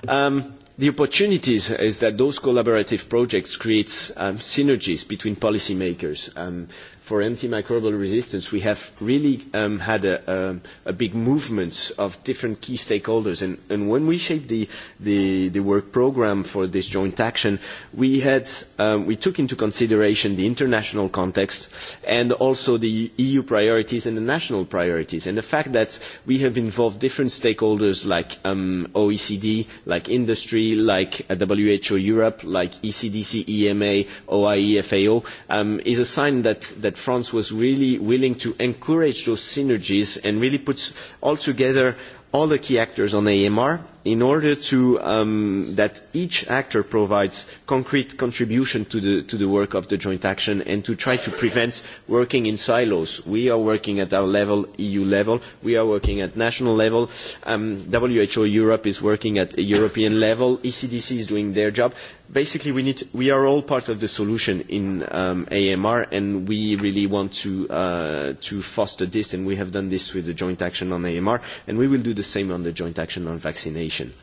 Speaker 5: Um, the opportunities is that those collaborative projects create um, synergies between policymakers. makers. Um, for antimicrobial resistance, we have really um, had a, a, a big movement of different key stakeholders. And, and when we shaped the, the, the work program for this joint action, we, had, um, we took into consideration the international context and also the EU priorities and the national priorities. And the fact that we have involved different stakeholders like um, OECD, like industry, like uh, WHO Europe, like ECDC, EMA, OIE, FAO, um, is a sign that, that France was really willing to encourage those synergies and really put all together all the key actors on AMR in order to, um, that each actor provides concrete contribution to the, to the work of the joint action and to try to prevent working in silos. We are working at our level, EU level. We are working at national level. Um, WHO Europe is working at a European level. ECDC is doing their job basically we need to, we are all part of the solution in um, AMR and we really want to uh, to foster this and we have done this with the joint action on AMR and we will do the same on the joint action on vaccination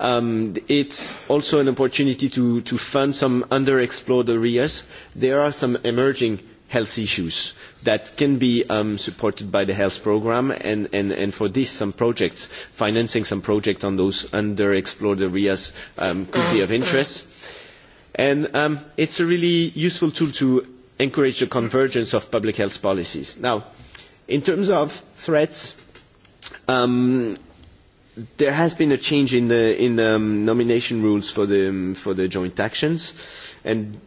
Speaker 5: um, it's also an opportunity to, to fund some underexplored areas there are some emerging uh, health issues that can be um, supported by the health program and, and, and for this some projects, financing some projects on those underexplored areas um, could be of interest. And um, it's a really useful tool to encourage the convergence of public health policies. Now, in terms of threats, um, there has been a change in the, in the um, nomination rules for the, um, for the joint actions. And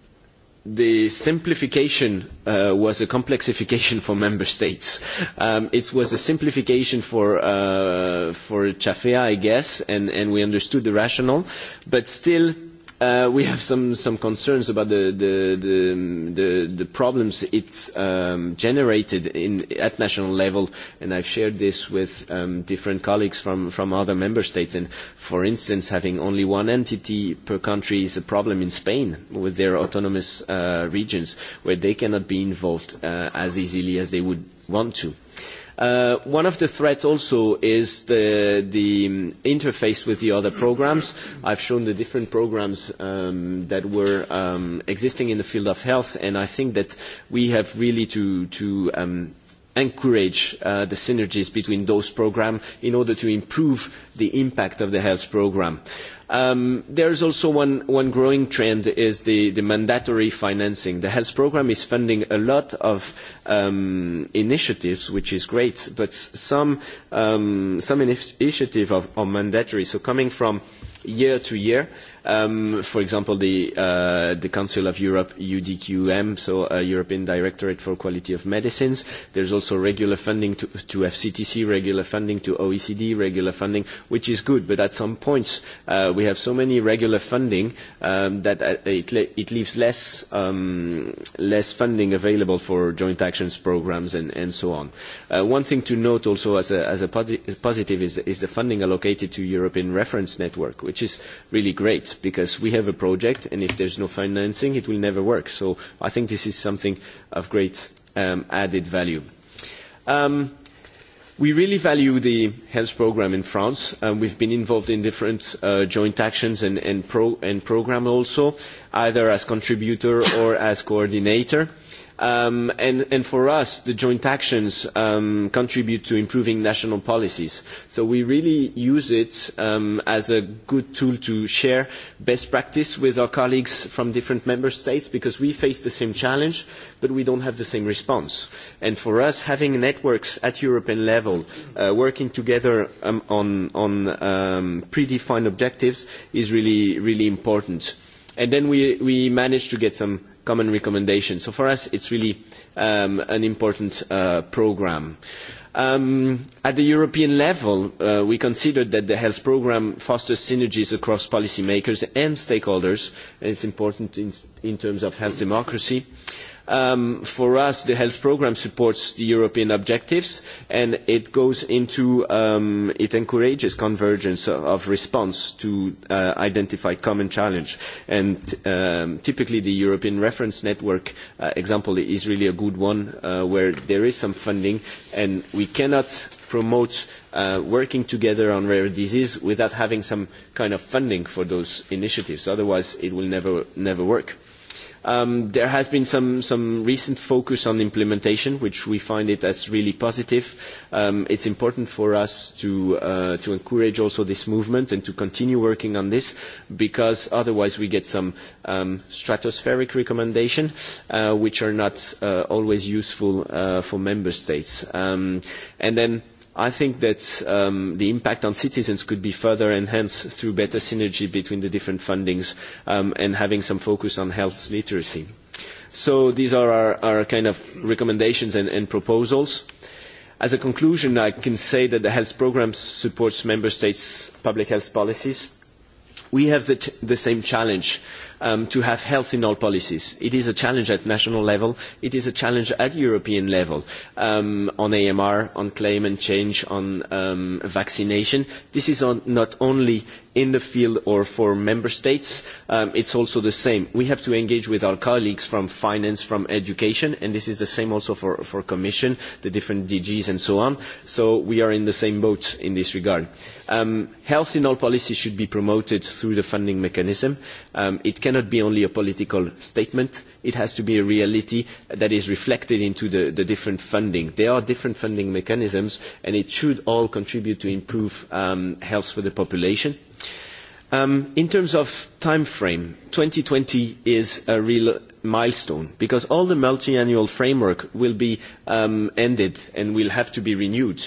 Speaker 5: the simplification uh, was a complexification for member states. Um, it was a simplification for uh, for Chafea, I guess, and, and we understood the rationale. But still, Uh, we have some, some concerns about the, the, the, the, the problems it's um, generated in, at national level, and I've shared this with um, different colleagues from, from other member states. And for instance, having only one entity per country is a problem in Spain with their autonomous uh, regions, where they cannot be involved uh, as easily as they would want to. Uh, Uh, one of the threats also is the, the interface with the other programs. I've shown the different programs um, that were um, existing in the field of health, and I think that we have really to, to um, encourage uh, the synergies between those programs in order to improve the impact of the health program. Uh, Um, there is also one, one growing trend is the, the mandatory financing. The health program is funding a lot of um, initiatives, which is great, but some, um, some initiatives are, are mandatory. So coming from uh, year to year. Um, for example, the, uh, the Council of Europe, UDQM, so uh, European Directorate for Quality of Medicines. There's also regular funding to, to FCTC, regular funding to OECD, regular funding, which is good. But at some points, uh, we have so many regular funding um, that uh, it, le- it leaves less, um, less funding available for joint actions programs and, and so on. Uh, one thing to note also as a, as a posi- positive is, is the funding allocated to European Reference Network, which which is really great because we have a project, and if there's no financing, it will never work. So I think this is something of great um, added value. Um, we really value the health program in France. Um, we've been involved in different uh, joint actions and, and, pro and program also, either as contributor or as coordinator. Um, and, and for us, the joint actions um, contribute to improving national policies. So we really use it um, as a good tool to share best practice with our colleagues from different member states because we face the same challenge, but we don't have the same response. And for us, having networks at European level uh, working together um, on, on um, predefined objectives is really, really important. And then we, we managed to get some common recommendation. So for us, it's really um, an important uh, program. Um, at the European level, uh, we considered that the health program fosters synergies across policymakers and stakeholders. And it's important in, in terms of health democracy um, for us, the health program supports the European objectives, and it goes into um, it encourages convergence of, of response to uh, identify common challenge. And um, typically, the European Reference Network uh, example is really a good one, uh, where there is some funding, and we cannot promote uh, working together on rare disease without having some kind of funding for those initiatives. Otherwise, it will never never work. Um, there has been some, some recent focus on implementation, which we find it as really positive. Um, it's important for us to, uh, to encourage also this movement and to continue working on this, because otherwise we get some um, stratospheric recommendation, uh, which are not uh, always useful uh, for member states. Um, and then I think that um, the impact on citizens could be further enhanced through better synergy between the different fundings um, and having some focus on health literacy. So these are our, our kind of recommendations and, and proposals. As a conclusion, I can say that the health program supports member states' public health policies. We have the, t the same challenge um, to have health in all policies. It is a challenge at national level. It is a challenge at European level um, on AMR, on claim and change, on um, vaccination. This is on, not only in the field or for member states, um, it's also the same. We have to engage with our colleagues from finance, from education, and this is the same also for, for commission, the different DGs and so on. So we are in the same boat in this regard. Um, health in all policies should be promoted through the funding mechanism um, it cannot be only a political statement. It has to be a reality that is reflected into the, the different funding. There are different funding mechanisms, and it should all contribute to improve um, health for the population. Um, in terms of time frame, 2020 is a real milestone because all the multi-annual framework will be um, ended and will have to be renewed.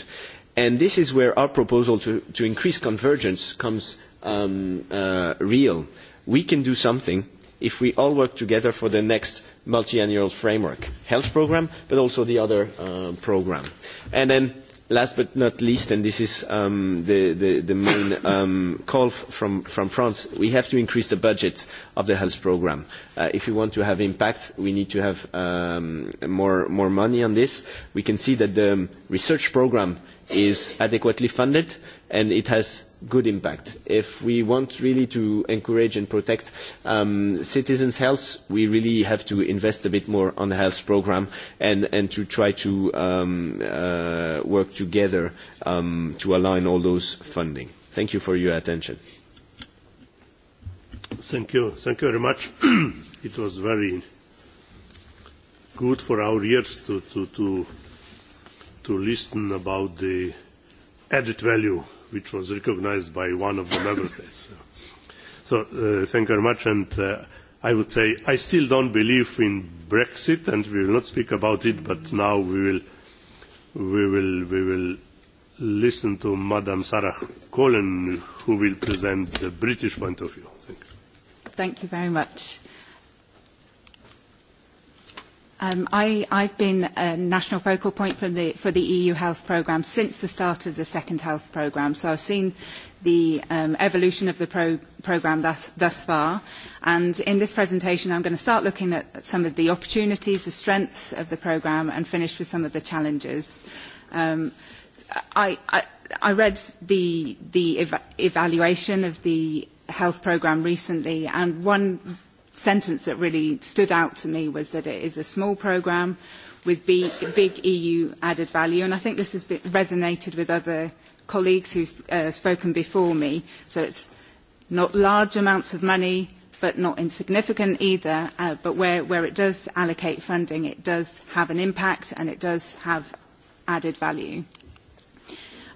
Speaker 5: And this is where our proposal to, to increase convergence comes um, uh, real we can do something if we all work together for the next multi-annual framework health program, but also the other uh, program. And then last but not least, and this is um, the, the, the main um, call from, from France, we have to increase the budget of the health program. Uh, if we want to have impact, we need to have um, more, more money on this. We can see that the um, research program is adequately funded and it has good impact. If we want really to encourage and protect um, citizens' health, we really have to invest a bit more on the health program and, and to try to um, uh, work together um, to align all those funding. Thank you for your attention.
Speaker 2: Thank you. Thank you very much. it was very good for our years to, to, to to listen about the added value which was recognized by one of the member states. So uh, thank you very much. And uh, I would say I still don't believe in Brexit, and we will not speak about it, but now we will, we will, we will listen to Madam Sarah Cullen, who will present the British point of view. Thank
Speaker 6: you, thank you very much. Um, I, I've been a national focal point from the, for the EU health programme since the start of the second health programme, so I've seen the um, evolution of the pro programme thus, thus far. And in this presentation, I'm going to start looking at some of the opportunities, the strengths of the programme, and finish with some of the challenges. Um, I, I, I read the, the ev evaluation of the health programme recently, and one sentence that really stood out to me was that it is a small programme with big, big EU added value. And I think this has resonated with other colleagues who've uh, spoken before me. So it's not large amounts of money, but not insignificant either. Uh, but where, where it does allocate funding, it does have an impact and it does have added value.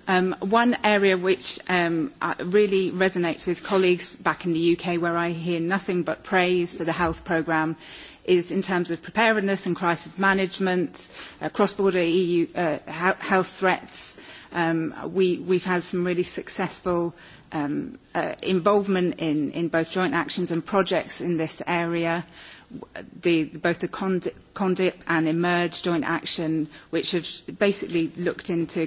Speaker 6: Um, one area which um, uh, really resonates with colleagues back in the UK, where I hear nothing but praise for the health programme, is in terms of preparedness and crisis management, uh, cross-border EU uh, health threats. Um, we, we've had some really successful um, uh, involvement in, in both joint actions and projects in this area. The, both the CONDIP and EMERGE joint action, which have basically looked into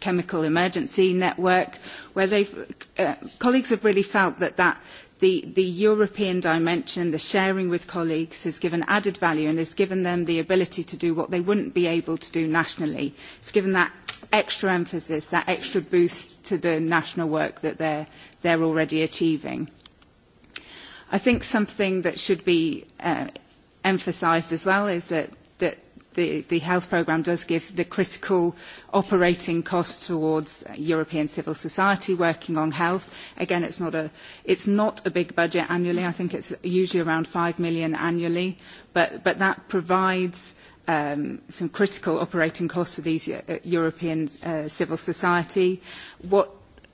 Speaker 6: chemical emergency network, where they've, uh, colleagues have really felt that, that the, the European dimension, the sharing with colleagues, has given added value and has given them the ability to do what they wouldn't be able to do nationally. It's given that extra emphasis, that extra boost to the national work that they're, they're already achieving. I think something that should be uh, emphasized as well is that the, the health programme does give the critical operating costs towards European civil society working on health. Again, it's not, a, it's not a big budget annually. I think it's usually around 5 million annually, but, but that provides um, some critical operating costs for these uh, European uh, civil society. What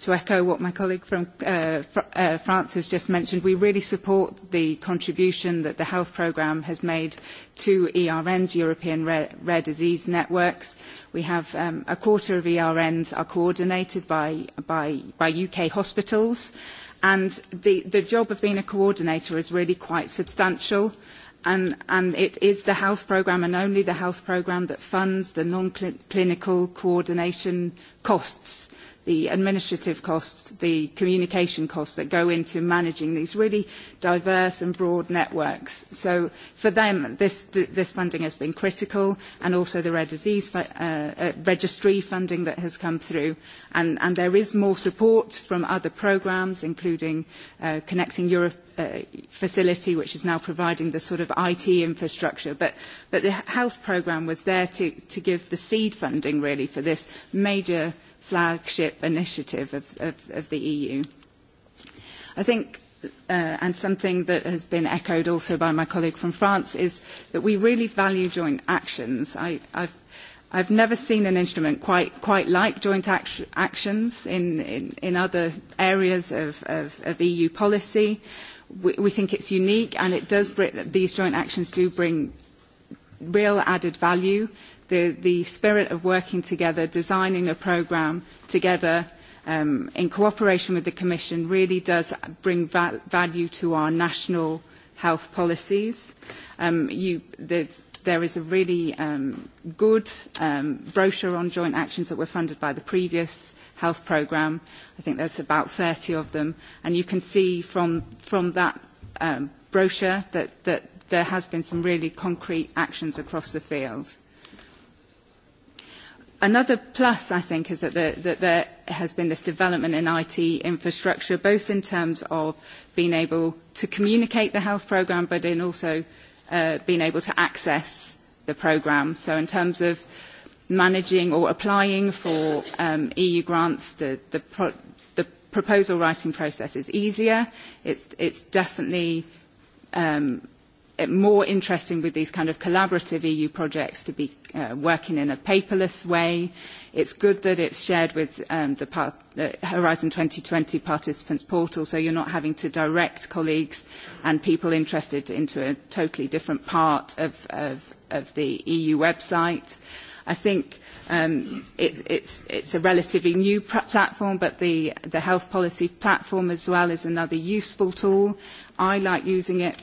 Speaker 6: to echo what my colleague from uh, uh, France has just mentioned, we really support the contribution that the health programme has made to ERNs, European Rare, Rare Disease Networks. We have um, a quarter of ERNs are coordinated by, by, by UK hospitals. And the, the job of being a coordinator is really quite substantial. And, and it is the health programme and only the health programme that funds the non-clinical coordination costs the administrative costs, the communication costs that go into managing these really diverse and broad networks. So for them, this, th this funding has been critical, and also the rare disease uh, uh, registry funding that has come through. And, and there is more support from other programs, including uh, Connecting Europe uh, facility which is now providing the sort of IT infrastructure but but the health program was there to to give the seed funding really for this major flagship initiative of, of, of the EU. I think, uh, and something that has been echoed also by my colleague from France, is that we really value joint actions. I, I've I've never seen an instrument quite, quite like joint act- actions in, in, in other areas of, of, of EU policy. We, we think it's unique and it does bring, these joint actions do bring real added value uh, the, the spirit of working together, designing a program together um, in cooperation with the Commission really does bring va value to our national health policies. Um, you, the, there is a really um, good um, brochure on joint actions that were funded by the previous health program. I think there's about 30 of them. And you can see from, from that um, brochure that, that there has been some really concrete actions across the field. Another plus, I think, is that, the, that there has been this development in IT infrastructure, both in terms of being able to communicate the health program, but in also uh, being able to access the program. So in terms of managing or applying for um, EU grants, the, the, pro the proposal writing process is easier. It's, it's definitely um, Uh, more interesting with these kind of collaborative EU projects to be uh, working in a paperless way. It's good that it's shared with um, the part, uh, Horizon 2020 participants portal, so you're not having to direct colleagues and people interested into a totally different part of, of, of the EU website. I think um, it, it's, it's a relatively new pr platform, but the, the health policy platform as well is another useful tool. I like using it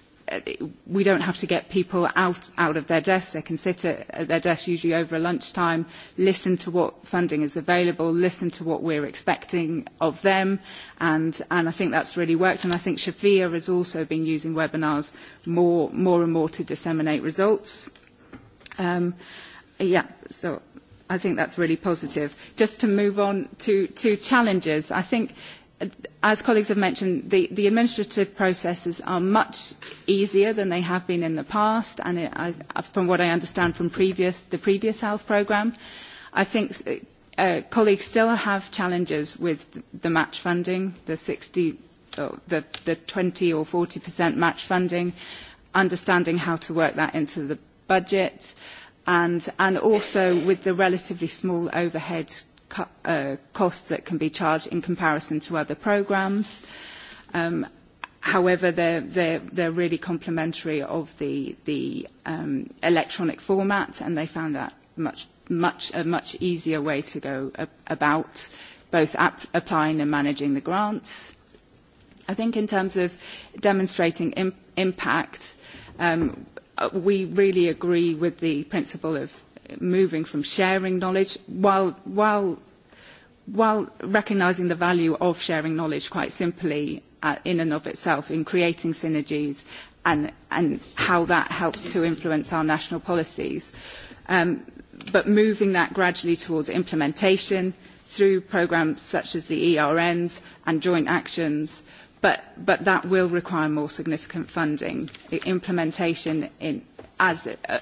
Speaker 6: Uh, we don't have to get people out, out of their desks. They can sit at, at their desk usually over lunchtime, listen to what funding is available, listen to what we're expecting of them. And, and I think that's really worked. And I think Shafia has also been using webinars more, more and more to disseminate results. Um, yeah, so I think that's really positive. Just to move on to, to challenges, I think as colleagues have mentioned, the, the administrative processes are much easier than they have been in the past, and it, I, uh, from what I understand from previous, the previous health programme, I think uh, uh, colleagues still have challenges with the match funding, the 60, oh, the, the 20 or 40 percent match funding, understanding how to work that into the budget, and, and also with the relatively small overhead Uh, costs that can be charged in comparison to other programs. Um, however, they're, they're, they're really complementary of the, the um, electronic format, and they found that much, much, a much easier way to go about both ap applying and managing the grants. I think in terms of demonstrating imp impact, um, we really agree with the principle of moving from sharing knowledge while while while recognizing the value of sharing knowledge quite simply uh, in and of itself in creating synergies and and how that helps to influence our national policies um but moving that gradually towards implementation through programs such as the ERNs and joint actions but but that will require more significant funding implementation in as a, uh, a,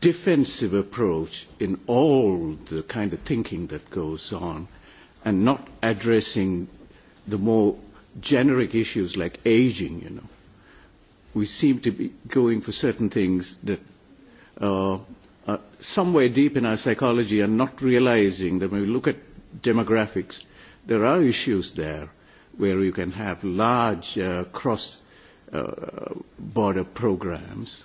Speaker 7: defensive approach in all the kind of thinking that goes on and not addressing the more generic issues like aging, you know. We seem to be going for certain things that uh, are somewhere deep in our psychology and not realizing that when we look at demographics, there are issues there where you can have large uh, cross uh, border programs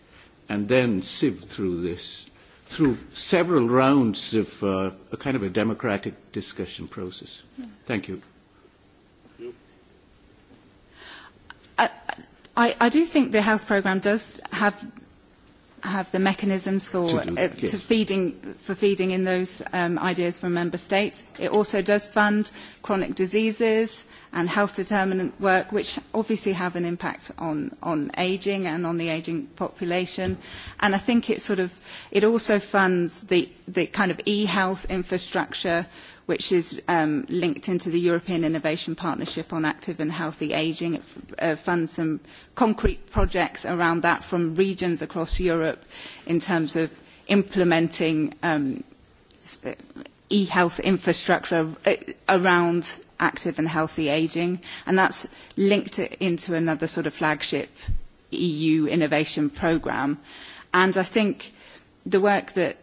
Speaker 7: and then sieve through this through several rounds of uh, a kind of a democratic discussion process. Yeah. Thank you.
Speaker 6: I, I do think the health programme does have have the mechanisms for, to do, uh, to yes. feeding, for feeding in those um, ideas from member states. It also does fund chronic diseases and health determinant work, which obviously have an impact on, on aging and on the aging population. And I think it, sort of, it also funds the, the kind of e-health infrastructure uh, which is um, linked into the European Innovation Partnership on Active and Healthy Aging. It uh, funds some concrete projects around that from regions across Europe in terms of implementing um, uh, e-health infrastructure uh, around active and healthy aging. And that's linked into another sort of flagship EU innovation program. And I think the work that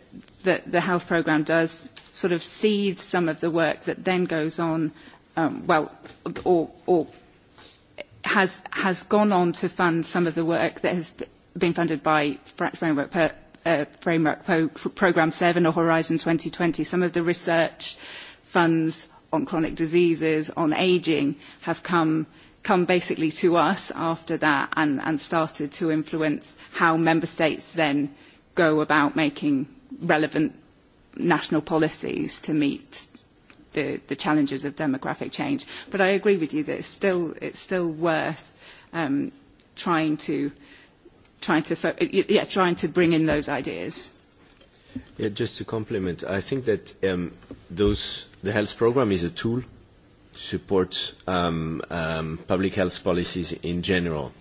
Speaker 6: that the health programme does sort of seeds some of the work that then goes on, um, well, or, or has, has gone on to fund some of the work that has been funded by Framework, per, uh, framework pro, Programme 7 or Horizon 2020. Some of the research funds on chronic diseases, on ageing, have come, come basically to us after that and, and started to influence how member states then go about making relevant national policies to meet the, the challenges of demographic change. But I agree with you that it's still, it's still worth um, trying to trying to fo- yeah trying to bring in those ideas.
Speaker 5: Yeah, just to complement, I think that um, those the health program is a tool to support um, um, public health policies in general.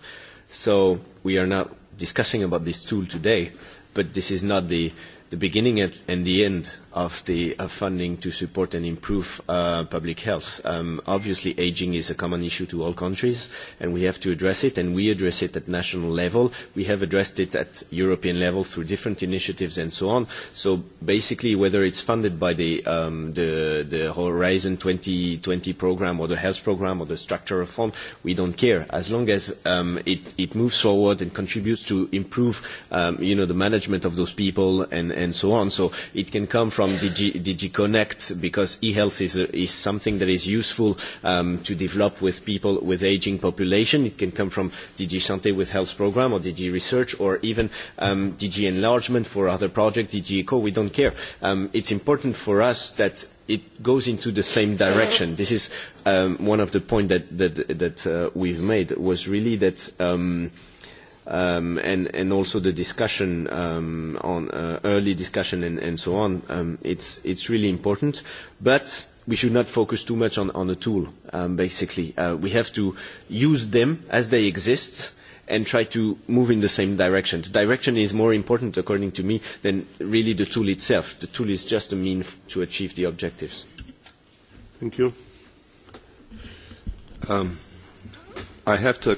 Speaker 5: So we are not discussing about this tool today, but this is not the the beginning and the end of the uh, funding to support and improve uh, public health. Um, obviously, aging is a common issue to all countries, and we have to address it, and we address it at national level. We have addressed it at European level through different initiatives and so on. So basically, whether it's funded by the, um, the, the Horizon 2020 program or the health program or the structure reform, we don't care. As long as um, it, it moves forward and contributes to improve um, you know, the management of those people and, and so on. So it can come from from DG, DG Connect because e-health is, is something that is useful um, to develop with people with aging population. It can come from DG Santé with health program or DG Research or even um, DG Enlargement for other projects, DG Eco, we don't care. Um, it's important for us that it goes into the same direction. This is um, one of the points that, that, that uh, we've made was really that um, um, and and also the discussion um, on uh, early discussion and, and so on. Um, it's it's really important, but we should not focus too much on, on the tool. Um, basically, uh, we have to use them as they exist and try to move in the same direction. The direction is more important, according to me, than really the tool itself. The tool is just a mean f- to achieve the objectives.
Speaker 2: Thank you.
Speaker 8: Um, I have to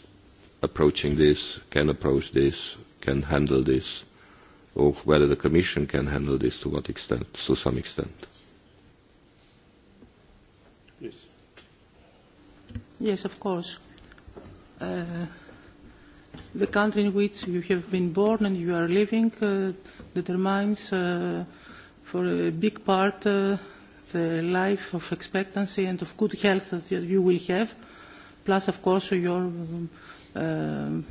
Speaker 8: approaching this, can approach this, can handle this, or whether the Commission can handle this to what extent, to some extent.
Speaker 2: Yes.
Speaker 3: Yes, of course. Uh, the country in which you have been born and you are living uh, determines, uh, for a big part, uh, the life of expectancy and of good health that you will have, plus, of course, your um, uh,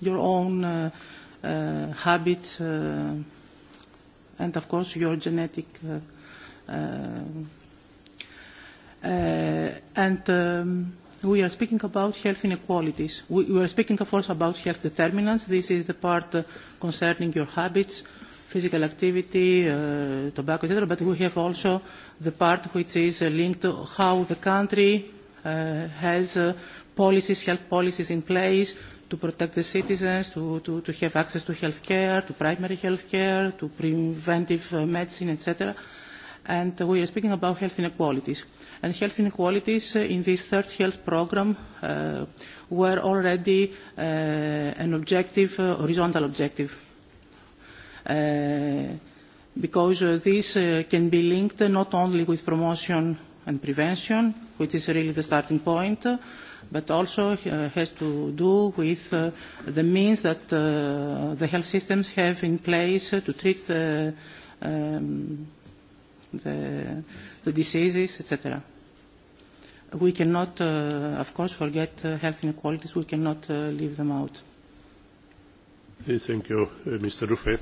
Speaker 3: your own uh, uh, habits uh, and of course your genetic uh, uh, uh, and um, we are speaking about health inequalities. We, we are speaking, of course, about health determinants. This is the part uh, concerning your habits, physical activity, uh, tobacco, etc. But we have also the part which is uh, linked to how the country uh, has uh, policies, health policies in place to protect the citizens, to, to, to have access to health care, to primary health care, to preventive uh, medicine, etc. And we are speaking about health inequalities. And health inequalities uh, in this third health program uh, were already uh, an objective, uh, horizontal objective. Uh, because uh, this uh, can be linked not only with promotion and prevention, which is really the starting point, uh, but also uh, has to do with uh, the means that uh, the health systems have in place uh, to treat the, um, the, the diseases, etc. We cannot, uh, of course, forget uh, health inequalities. We cannot uh, leave them out.
Speaker 2: Thank you, uh, Mr. Ruffet.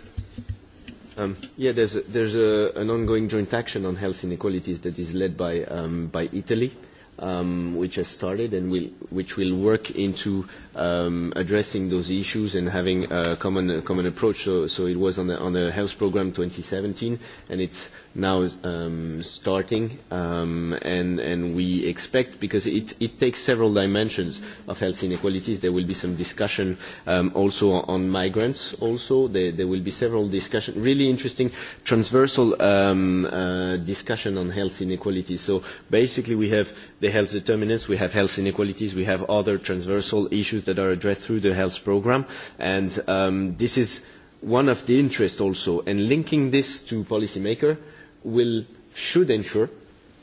Speaker 2: Um, yeah, there's, a, there's a,
Speaker 5: an ongoing joint action on health inequalities that is led by, um, by Italy um, which has started and will, which will work into um, addressing those issues and having a common, a common approach. So, so it was on the, on the health program 2017, and it's now um, starting, um, and, and we expect, because it, it takes several dimensions of health inequalities, there will be some discussion um, also on migrants also, there, there will be several discussion, really interesting transversal um, uh, discussion on health inequalities. So basically we have the health determinants, we have health inequalities, we have other transversal issues that are addressed through the health program, and um, this is one of the interests also, and linking this to policymakers, will should ensure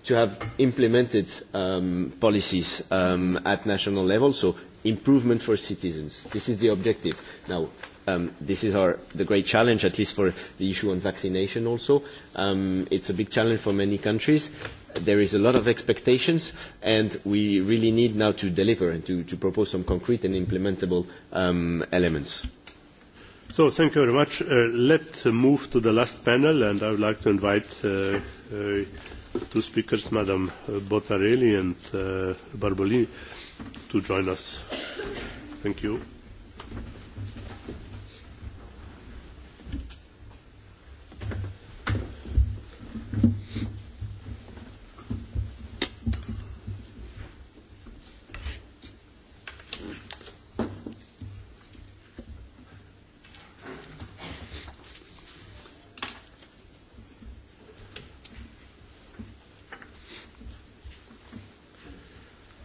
Speaker 5: to have implemented um, policies um, at national level, so improvement for citizens. This is the objective. Now, um, this is our, the great challenge, at least for the issue on vaccination also. Um, it's a big challenge for many countries. There is a lot of expectations, and we really need now to deliver and to, to propose some concrete and implementable um, elements.
Speaker 2: Thank you very much. Uh, Let's move to the last panel, and I would like to invite uh, uh, two speakers, Madame Bottarelli and Barbolini, to join us. Thank you.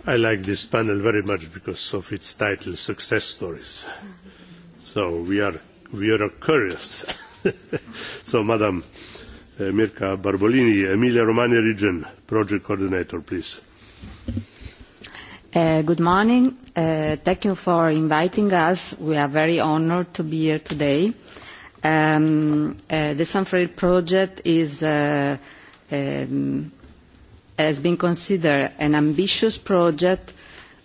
Speaker 2: i like this panel very much because of its title success stories so we are we are curious so madam uh, mirka barbolini emilia romagna region project coordinator please
Speaker 9: uh, good morning uh, thank you for inviting us we are very honored to be here today um, uh, the sanfrail project is uh, um, has been considered an ambitious project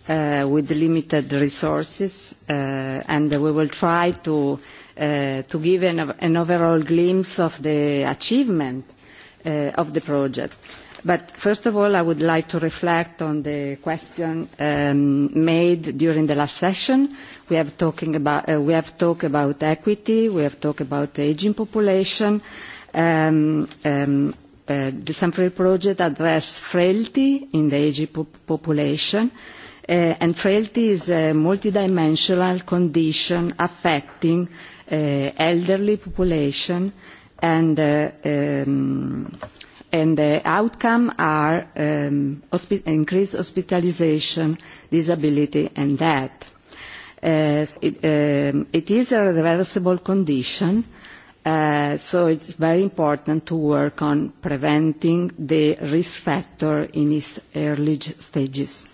Speaker 9: uh, with limited resources, uh, and we will try to, uh, to give an, an overall glimpse of the achievement uh, of the project. But first of all, I would like to reflect on the question um, made during the last session. We have, talking about, uh, we have talked about equity, we have talked about the aging population, um, um, uh, the Sanfrail project addresses frailty in the aging po- population, uh, and frailty is a multidimensional condition affecting uh, elderly population, and, uh, um, and the outcome are um, hospi- increased hospitalization, disability, and death. Uh, it, um, it is a reversible condition. Uh, so it's very important to work on preventing the risk factor in its early stages.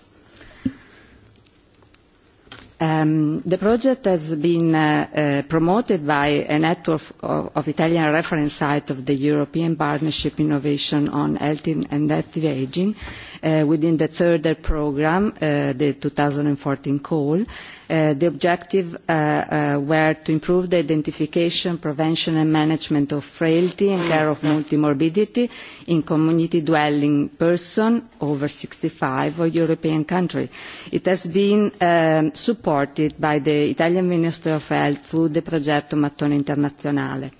Speaker 9: Um, the project has been uh, uh, promoted by a network of, of Italian reference sites of the European Partnership Innovation on Health and Active Aging, Uh, within the third uh, program, uh, the 2014 call. Uh, the objective uh, uh, were to improve the identification, prevention and management of frailty and care of multimorbidity in community dwelling person over 65 or European country. It has been um, supported by the Italian Ministry of Health through the Progetto Mattone Internazionale.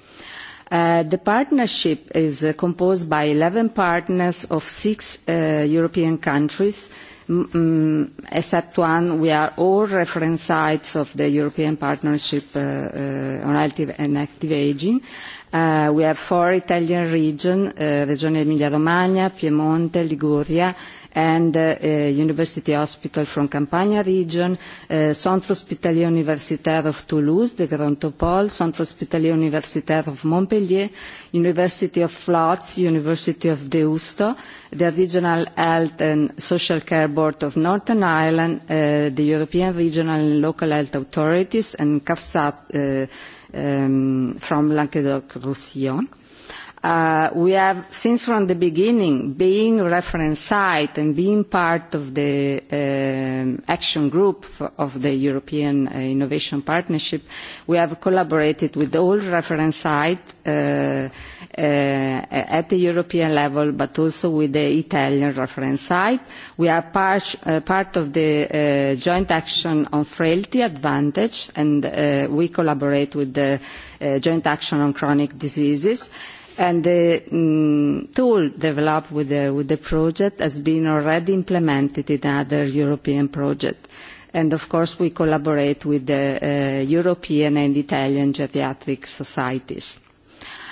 Speaker 9: Uh, the partnership is uh, composed by 11 partners of six uh, European countries. Mm, except one, we are all reference sites of the European Partnership uh, uh, on Active and Active Aging. Uh, we have four Italian regions, uh, Regione Emilia-Romagna, Piemonte, Liguria, and uh, University Hospital from Campania region, uh, Centre Hospitalier Universitaire of Toulouse, the Grand-Opole, Centre Hospitalier Universitaire of Montpellier, University of Flots, University of Deusto, the Regional Health and Social Care Board of Northern Ireland, uh, the European Regional and Local Health Authorities, and CARSAT uh, um, from Languedoc-Roussillon. Uh, we have, since from the beginning, being a reference site and being part of the uh, action group of the European uh, Innovation Partnership, we have collaborated with all reference sites uh, uh, at the European level, but also with the Italian reference site. We are part, uh, part of the uh, joint action on frailty advantage, and uh, we collaborate with the uh, joint action on chronic diseases and the um, tool developed with the, with the project has been already implemented in other European projects. And of course, we collaborate with the uh, European and Italian geriatric societies.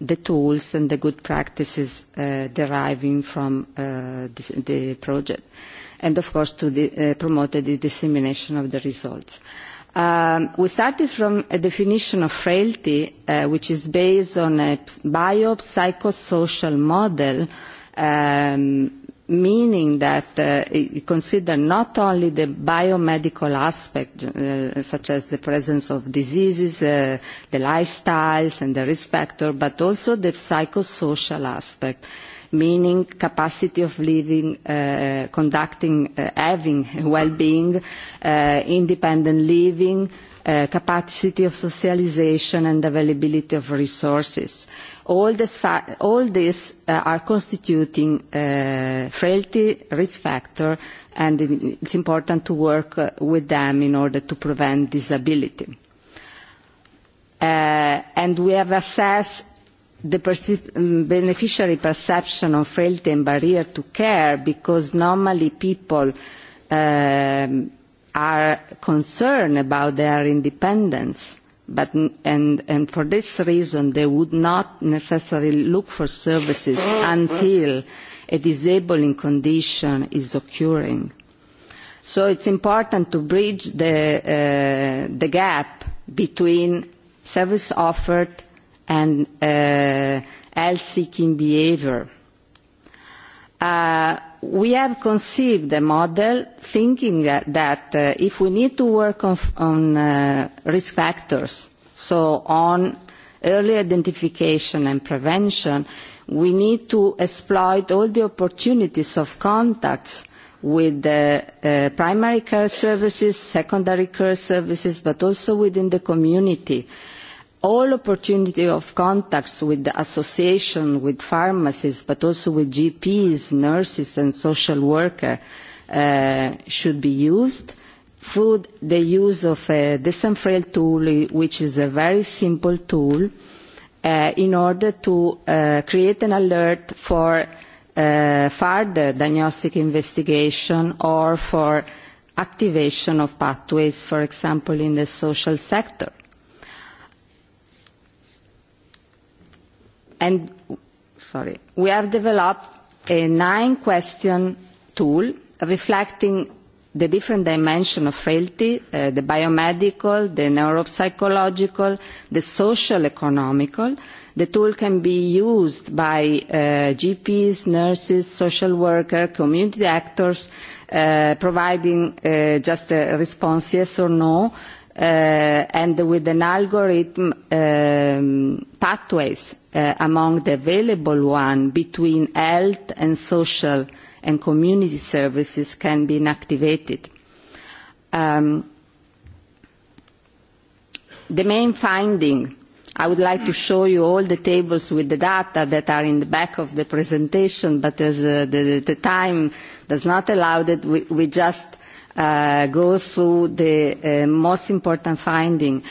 Speaker 9: the tools and the good practices uh, deriving from uh, this, the project, and of course to the, uh, promote the dissemination of the results. Um, we started from a definition of frailty, uh, which is based on a biopsychosocial model um, meaning that uh, consider not only the biomedical aspect, uh, such as the presence of diseases, uh, the lifestyles and the risk factor, but also the psychosocial aspect, meaning capacity of living, uh, conducting, uh, having well-being, uh, independent living, uh, capacity of socialization and availability of resources. Uh, all, this all these uh, are constituting uh, frailty risk factor and it's important to work uh, with them in order to prevent disability. Uh, and we have assessed the perce um, beneficiary perception of frailty and barrier to care because normally people um, are concerned about their independence uh, but and and for this reason they would not necessarily look for services until a disabling condition is occurring so it's important to bridge the uh, the gap between service offered and uh, health seeking behavior uh, we have conceived a model thinking uh, that uh, if we need to work on, on uh, risk factors, so on early identification and prevention, we need to exploit all the opportunities of contacts with the uh, uh, primary care services, secondary care services, but also within the community. Uh, all opportunity of contacts with the association, with pharmacists, but also with GPs, nurses and social workers uh, should be used. Food, the use of a disenfrail tool, which is a very simple tool, uh, in order to uh, create an alert for uh, further diagnostic investigation or for activation of pathways, for example, in the social sector. and sorry, we have developed a nine question tool reflecting the different dimension of frailty, uh, the biomedical, the neuropsychological, the social economical. The tool can be used by uh, GPs, nurses, social workers, community actors, uh, providing uh, just a response yes or no, uh, uh, and with an algorithm um, pathways uh, among the available one between health and social and community services can be activated. Um, the main finding, I would like to show you all the tables with the data that are in the back of the presentation, but as uh, the, the time does not allow that, we, we just uh, uh, go through the uh, most important finding.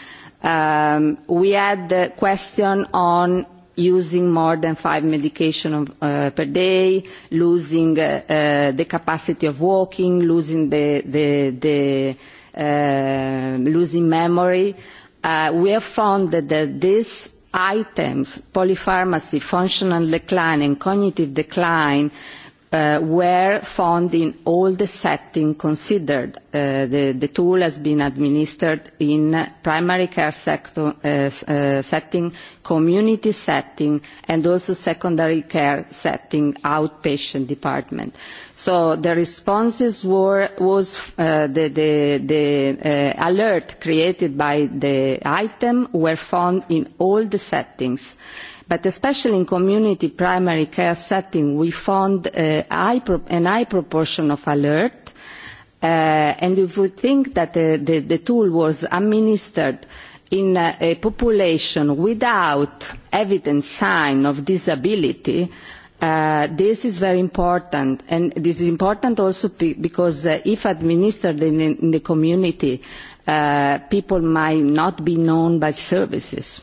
Speaker 9: Um, we had the question on using more than five medication of, uh, per day, losing uh, uh, the capacity of walking, losing the, the, the uh, losing memory. Uh, we have found that, that these items, polypharmacy, functional decline and cognitive decline, uh, uh, were found in all the setting considered. Uh, the, the tool has been administered in primary care sector, uh, uh, setting community setting and also secondary care setting outpatient department. So the responses were was uh, the, the, the uh, alert created by the item were found in all the settings. But especially in community primary care setting, we found uh, high pro- an high proportion of alert. Uh, and if we think that the, the, the tool was administered in uh, a population without evident sign of disability, uh, this is very important. And this is important also be- because uh, if administered in, in the community, uh, people might not be known by services.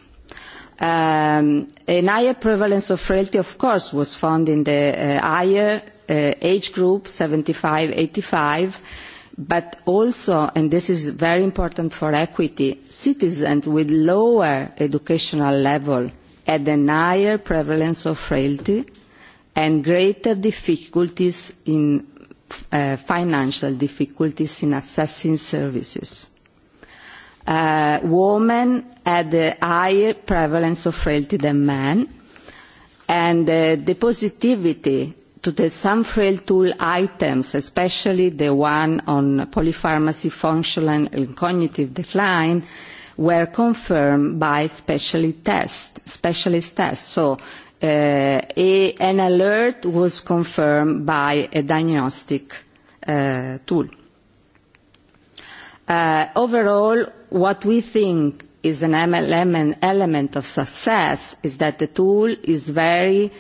Speaker 9: Um, an higher prevalence of frailty, of course, was found in the uh, higher uh, age group, 75-85, but also, and this is very important for equity, citizens with lower educational level had a higher prevalence of frailty and greater difficulties in uh, financial difficulties in assessing services. Uh, women had a higher prevalence of frailty than men, and uh, the positivity today some frail tool items, especially the one on polypharmacy functional and cognitive decline, were confirmed by specialist tests. Specialist tests. So uh, a, an alert was confirmed by a diagnostic uh, tool. Uh, overall, what we think is an element of success is that the tool is very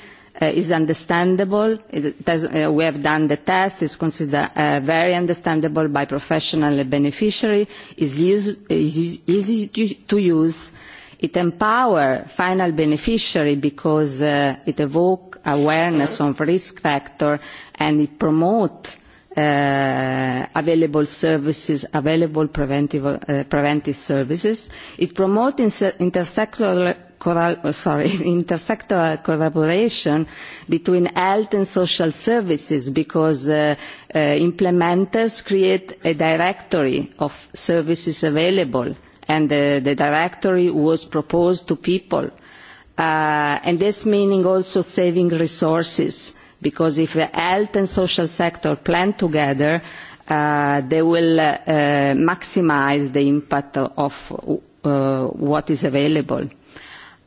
Speaker 9: uh, is understandable. It has, uh, we have done the test. It's considered uh, very understandable by professional and beneficiary. It's use, is, is easy to, to use. It empowers final beneficiary because uh, it evokes awareness of risk factor and it promotes uh, available services, available preventive, uh, preventive services. It promotes inter- intersectoral coral- sorry, intersectoral collaboration between health and social services because uh, uh, implementers create a directory of services available and uh, the directory was proposed to people. Uh, and this meaning also saving resources because if the health and social sector plan together, uh, they will uh, uh, maximize the impact of uh, what is available.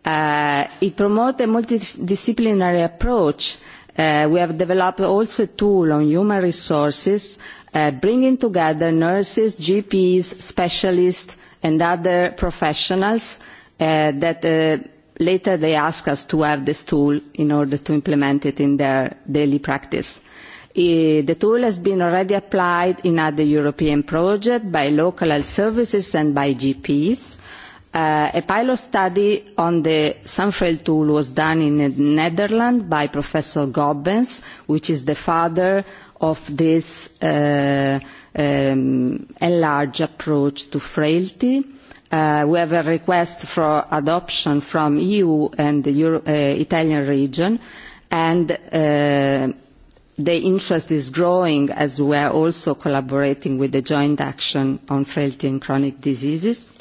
Speaker 9: Uh, it promotes a multidisciplinary approach. Uh, we have developed also a tool on human resources, uh, bringing together nurses, GPs, specialists, and other professionals uh, that uh, later they ask us to have this tool in order to implement it in their daily practice. Uh, the tool has been already applied in other European projects by local health services and by GPs. Uh, uh, eh, a e pilot study on the Sunfrail tool was done in the Netherlands by Professor Gobbens, which is the father of this uh, um, enlarged approach to frailty. Uh, we have a request for adoption from EU and the Euro- uh, Italian region, and uh, the interest is growing as we are also collaborating with the Joint Action on Frailty and Chronic Diseases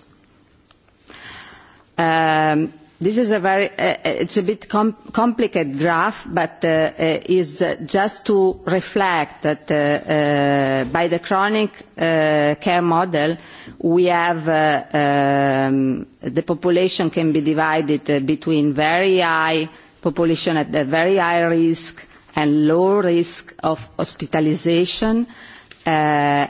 Speaker 9: um, this is a very uh, uh, it's a bit com- complicated graph but uh, uh, is uh, just to reflect that uh, uh, by the chronic uh, care model we have uh, um, the population can be divided uh, between very high population at a very high risk and low risk of hospitalization uh,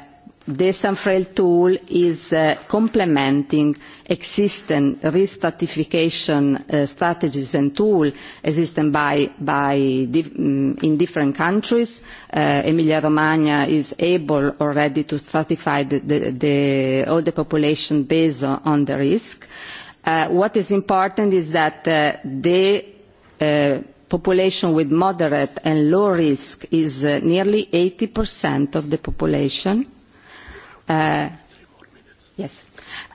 Speaker 9: this unfrail tool is uh, complementing existing risk stratification uh, strategies and tools existing by, by dif- mm, in different countries. Uh, Emilia-Romagna is able already to stratify the, the, the, all the population based on, on the risk. Uh, what is important is that uh, the uh, population with moderate and low risk is uh, nearly 80% of the population uh, yes.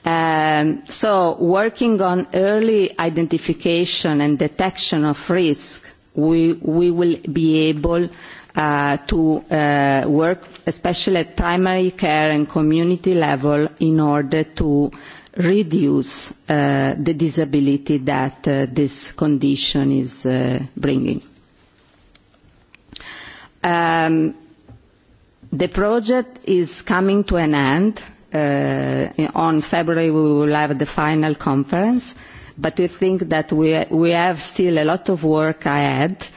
Speaker 9: Um, so working on early identification and detection of risk, we, we will be able uh, to uh, work especially at primary care and community level in order to reduce uh, the disability that uh, this condition is uh, bringing. Um, The project is coming to an end. Uh, on February, we will have the final conference. But we think that we, we have still a lot of work ahead.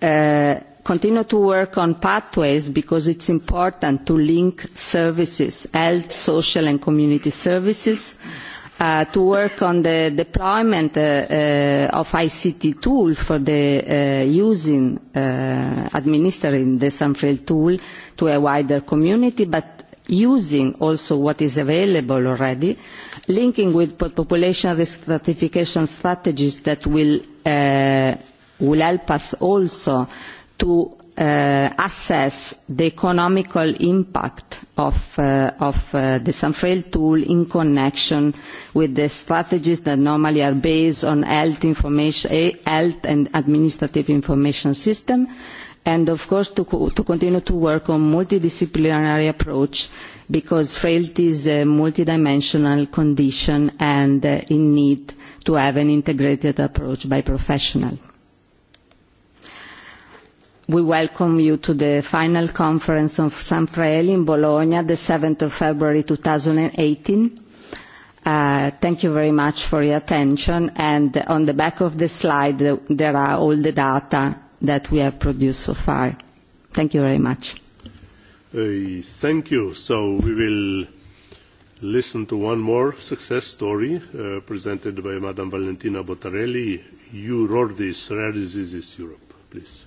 Speaker 9: Uh, continue to work on pathways because it's important to link services, health, social and community services. Mm-hmm. Uh, to work on the deployment uh, uh, of ICT tool for the uh, using, uh, administering the Sanfrail tool to a wider community, but using also what is available already, linking with population risk stratification strategies that will, uh, will help us also to uh, assess the economical impact of, uh, of uh, the Sanfrail tool in connection with the strategies that normally are based on health, information, eh, health and administrative information system, and of course to, co- to continue to work on multidisciplinary approach because frailty is a multidimensional condition and uh, in need to have an integrated approach by professionals. We welcome you to the final conference of Sanfrecce in Bologna, the 7th of February 2018. Uh, thank you very much for your attention. And on the back of the slide, there are all the data that we have produced so far. Thank you very much.
Speaker 2: Uh, thank you. So we will listen to one more success story uh, presented by Madame Valentina Bottarelli, Eurordis, Rare Diseases Europe, please.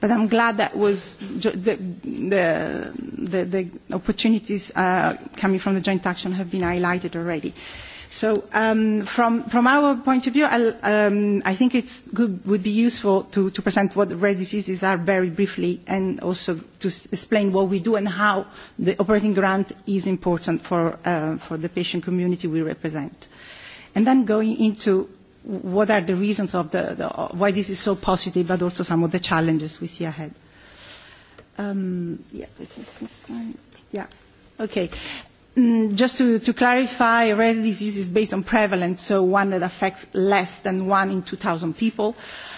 Speaker 10: but I'm glad that was jo- the, the, the, the opportunities uh, coming from the joint action have been highlighted already. So um, from, from our point of view, I'll, um, I think it would be useful to, to present what rare diseases are very briefly and also to s- explain what we do and how the operating grant is important for, uh, for the patient community we represent. And then going into what are the reasons of the, the why this is so positive, but also some of the challenges we see ahead. Um, yeah, this is this one. Yeah, okay. Mm, just to, to clarify, rare disease is based on prevalence, so one that affects less than one in 2,000 people. Uh,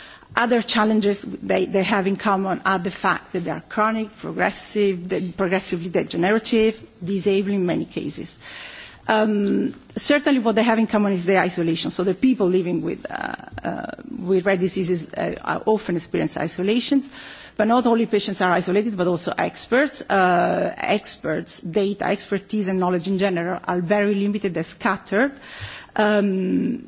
Speaker 10: other challenges they, they have in common are the fact that they are chronic, progressive, de- progressively degenerative, disabling in many cases. Um, certainly what they have in common is their isolation. So the people living with, uh, uh, with rare diseases uh, often experience isolation. But not only patients are isolated, but also experts. Uh, experts, data, expertise and knowledge in general are very limited, they're scattered. Um,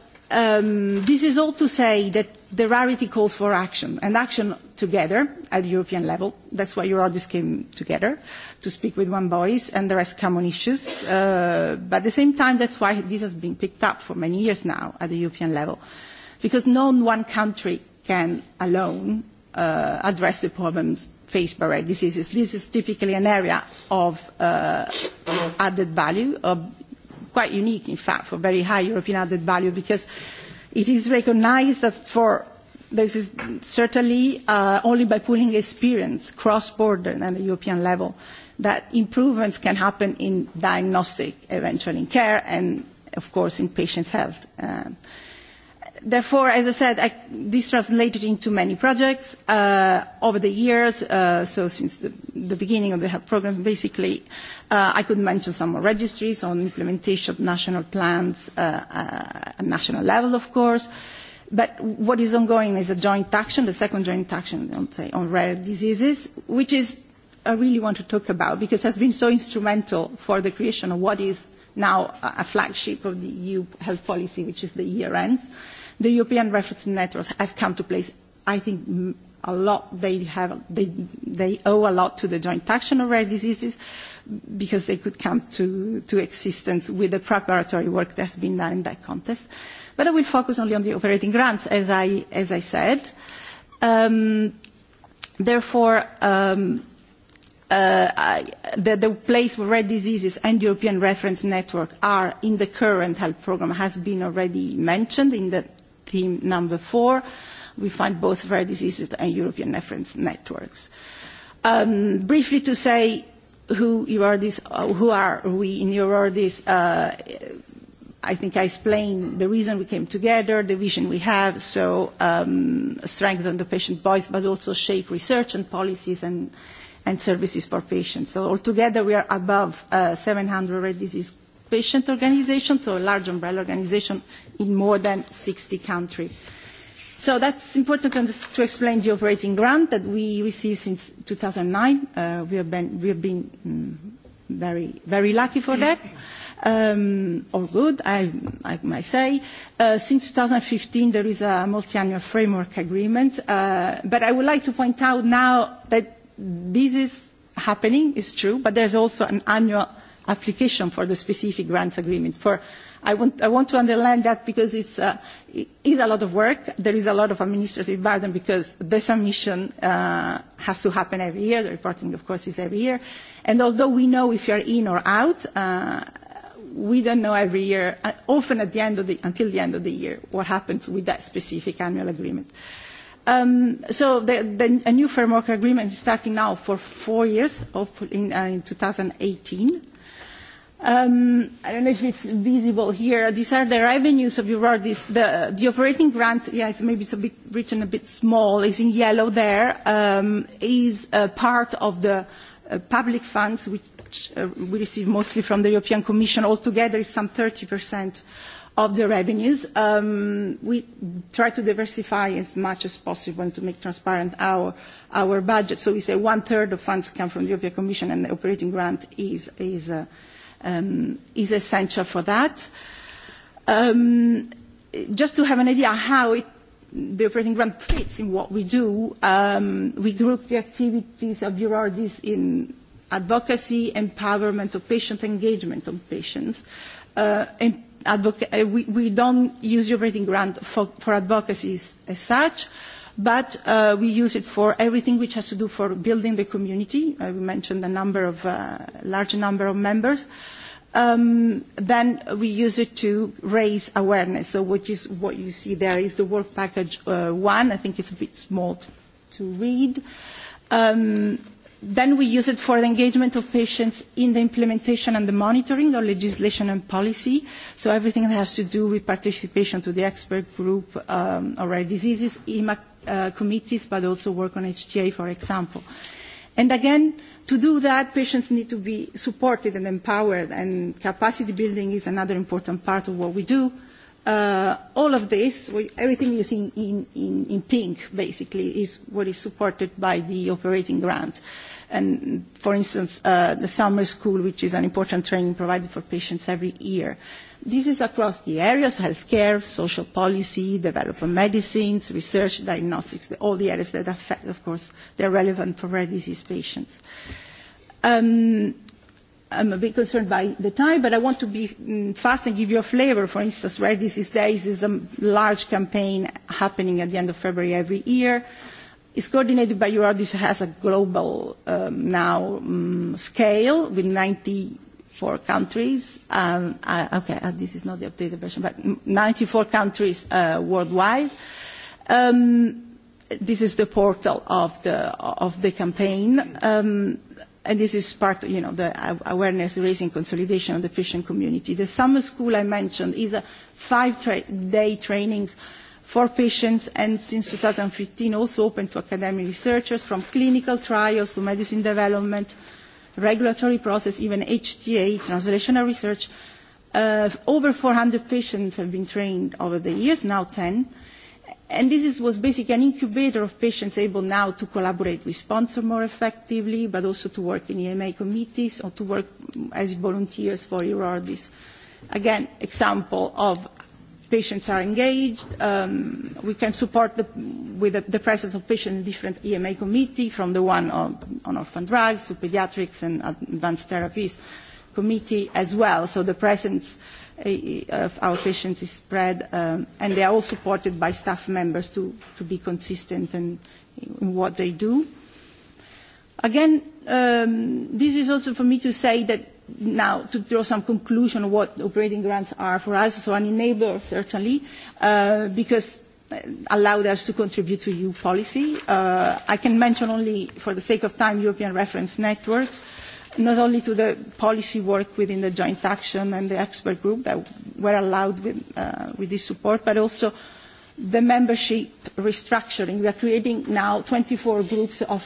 Speaker 10: um, this is all to say that the rarity calls for action, and action together at European level. That's why Eurodis came together, to speak with one voice, and the rest come on issues. Uh, but at the same time, that's why this has been picked up for many years now at the European level, because no one country can alone uh, address the problems faced by rare diseases. This is typically an area of uh, added value, of quite unique, in fact, for very high European added value because it is recognized that for this is certainly uh, only by pooling experience cross border and at the European level that improvements can happen in diagnostic, eventually in care, and of course in patient health. Uh, therefore, as I said, I, this translated into many projects uh, over the years. Uh, so since the, the beginning of the health programs, basically, uh, I could mention some more registries on implementation of national plans uh, uh, at national level, of course. But what is ongoing is a joint action, the second joint action on, say, on rare diseases, which is I really want to talk about because it has been so instrumental for the creation of what is now a flagship of the EU health policy, which is the year ends. Uh, the European reference networks have come to place. I think a lot they have they they owe a lot to the joint action of rare diseases because they could come to, to existence with the preparatory work that's been done in that context. But I will focus only on the operating grants, as I as I said. Um, therefore, um, uh, I, the, the place where rare diseases and European reference network are in the current health program has been already mentioned in the theme number four, we find both rare diseases and European reference networks. Um, briefly to say who you are, this, uh, who are we in Eurordis, uh, I think I explained the reason we came together, the vision we have, so um, strengthen the patient voice, but also shape research and policies and, and services for patients. So altogether, we are above uh, 700 rare disease patient organization, so a large umbrella organization in more than 60 countries. So that's important to explain the operating grant that we received since 2009. Uh, we have been, we have been mm, very, very lucky for that, um, or good, I, I might say. Uh, since 2015, there is a multi-annual framework agreement. Uh, but I would like to point out now that this is happening, it's true, but there's also an annual application for the specific grants agreement. For, I, want, I want to underline that because it's, uh, it is a lot of work. There is a lot of administrative burden because the submission uh, has to happen every year. The reporting, of course, is every year. And although we know if you're in or out, uh, we don't know every year, uh, often at the end of the, until the end of the year, what happens with that specific annual agreement. Um, so the, the, a new framework agreement is starting now for four years, hopefully in, uh, in 2018. Um, I don't know if it's visible here. These are the revenues of Eurordis. The operating grant, yeah, maybe it's a bit written a bit small, is in yellow there, um, is a part of the uh, public funds, which uh, we receive mostly from the European Commission. Altogether, it's some 30% of the revenues. Um, we try to diversify as much as possible and to make transparent our budget. So we say one-third of funds come from the European Commission, and the operating grant is uh, um, is essential for that. Um, just to have an idea how it, the operating grant fits in what we do, um, we group the activities of URDs in advocacy, empowerment of patient engagement of patients. Uh, and advoca- uh, we, we don't use the operating grant for, for advocacies as such. Uh, but uh, we use it for everything which has to do for building the community. Uh, we mentioned a number of uh, large number of members. Um, then we use it to raise awareness. So which is what you see there is the work package uh, one. I think it's a bit small to, to read. Um, then we use it for the engagement of patients in the implementation and the monitoring of legislation and policy. So everything that has to do with participation to the expert group um, or rare diseases, IMAC Uh, committees, but also work on HTA, for example. And again, to do that, patients need to be supported and empowered, and capacity building is another important part of what we do. Uh, all of this, we, everything you see in, in, in pink, basically, is what is supported by the operating grant. And, for instance, uh, the summer school, which is an important training provided for patients every year. Uh, This is across the areas, healthcare, social policy, development medicines, research, diagnostics, all the areas that affect, of course, they're relevant for rare disease patients. Um, I'm a bit concerned by the time, but I want to be mm, fast and give you a flavor. For instance, Rare Disease Days is a large campaign happening at the end of February every year. It's coordinated by Eurodis, it has a global um, now um, scale with 90 94 countries. Um, I, okay, uh, this is not the updated version, but 94 countries uh, worldwide. Um, this is the portal of the of the campaign, um, and this is part, you know, the awareness raising consolidation of the Christian community. The summer school I mentioned is a five-day tra- trainings for patients and since 2015 also open to academic researchers from clinical trials to medicine development regulatory process, even HTA, translational research. Uh, over 400 patients have been trained over the years, now 10. And this is, was basically an incubator of patients able now to collaborate with sponsors more effectively, but also to work in EMA committees or to work as volunteers for EuroRDIS. Again, example of patients are engaged. Um, we can support the, with the, the presence of patients in different EMA committee, from the one on, on orphan drugs to pediatrics and advanced therapies committee as well. So the presence eh, of our patients is spread, um, and they are all supported by staff members to, to be consistent in, in what they do. Again, um, this is also for me to say that now to draw some conclusion what operating grants are for us, so an enabler certainly, uh, because uh, allowed us to contribute to EU policy. Uh, I can mention only, for the sake of time, European reference networks, not only to the policy work within the joint action and the expert group that were allowed with, uh, with this support, but also the membership restructuring. We are creating now 24 groups of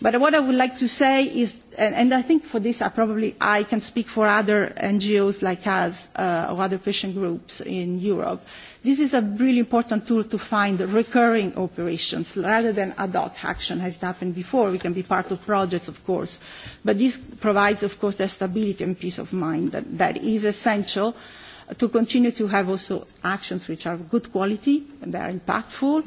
Speaker 10: But what I would like to say is, and, and I think for this I probably I can speak for other NGOs like us uh, or other patient groups in Europe, this is a really important tool to find recurring operations rather than ad hoc action as happened before. We can be part of projects, of course, but this provides, of course, the stability and peace of mind that, that is essential to continue to have also actions which are of good quality and they are impactful,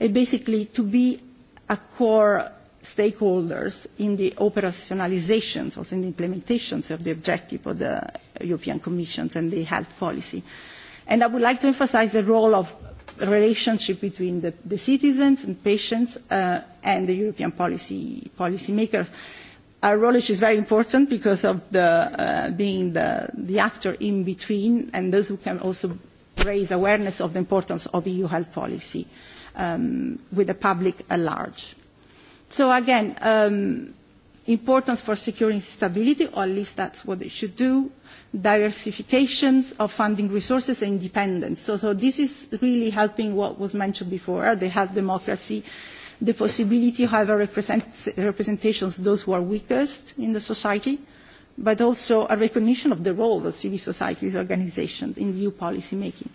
Speaker 10: and basically to be a core stakeholders in the operationalizations, also in the implementations of the objective of the European Commission and the health policy. And I would like to emphasize the role of the relationship between the, the citizens and patients uh, and the European policy policymakers. Our role which is very important because of the, uh, being the, the actor in between and those who can also raise awareness of the importance of EU health policy um, with the public at large. So again, um, importance for securing stability, or at least that's what they should do, diversifications of funding resources and independence. So, so this is really helping what was mentioned before, the health democracy, the possibility to have a represent, representations of those who are weakest in the society, but also a recognition of the role of civil society's organizations in EU policy making.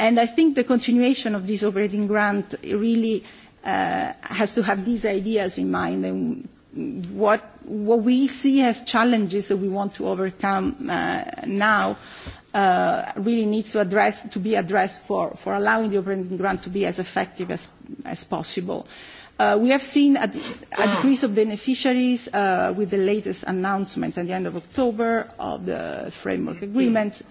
Speaker 10: And I think the continuation of this operating grant really Uh, has to have these ideas in mind and what what we see as challenges that we want to overcome uh, now uh, really needs to address to be addressed for for allowing the open grant to be as effective as as possible. Uh, we have seen a, a decrease of beneficiaries uh, with the latest announcement at the end of October of the framework agreement.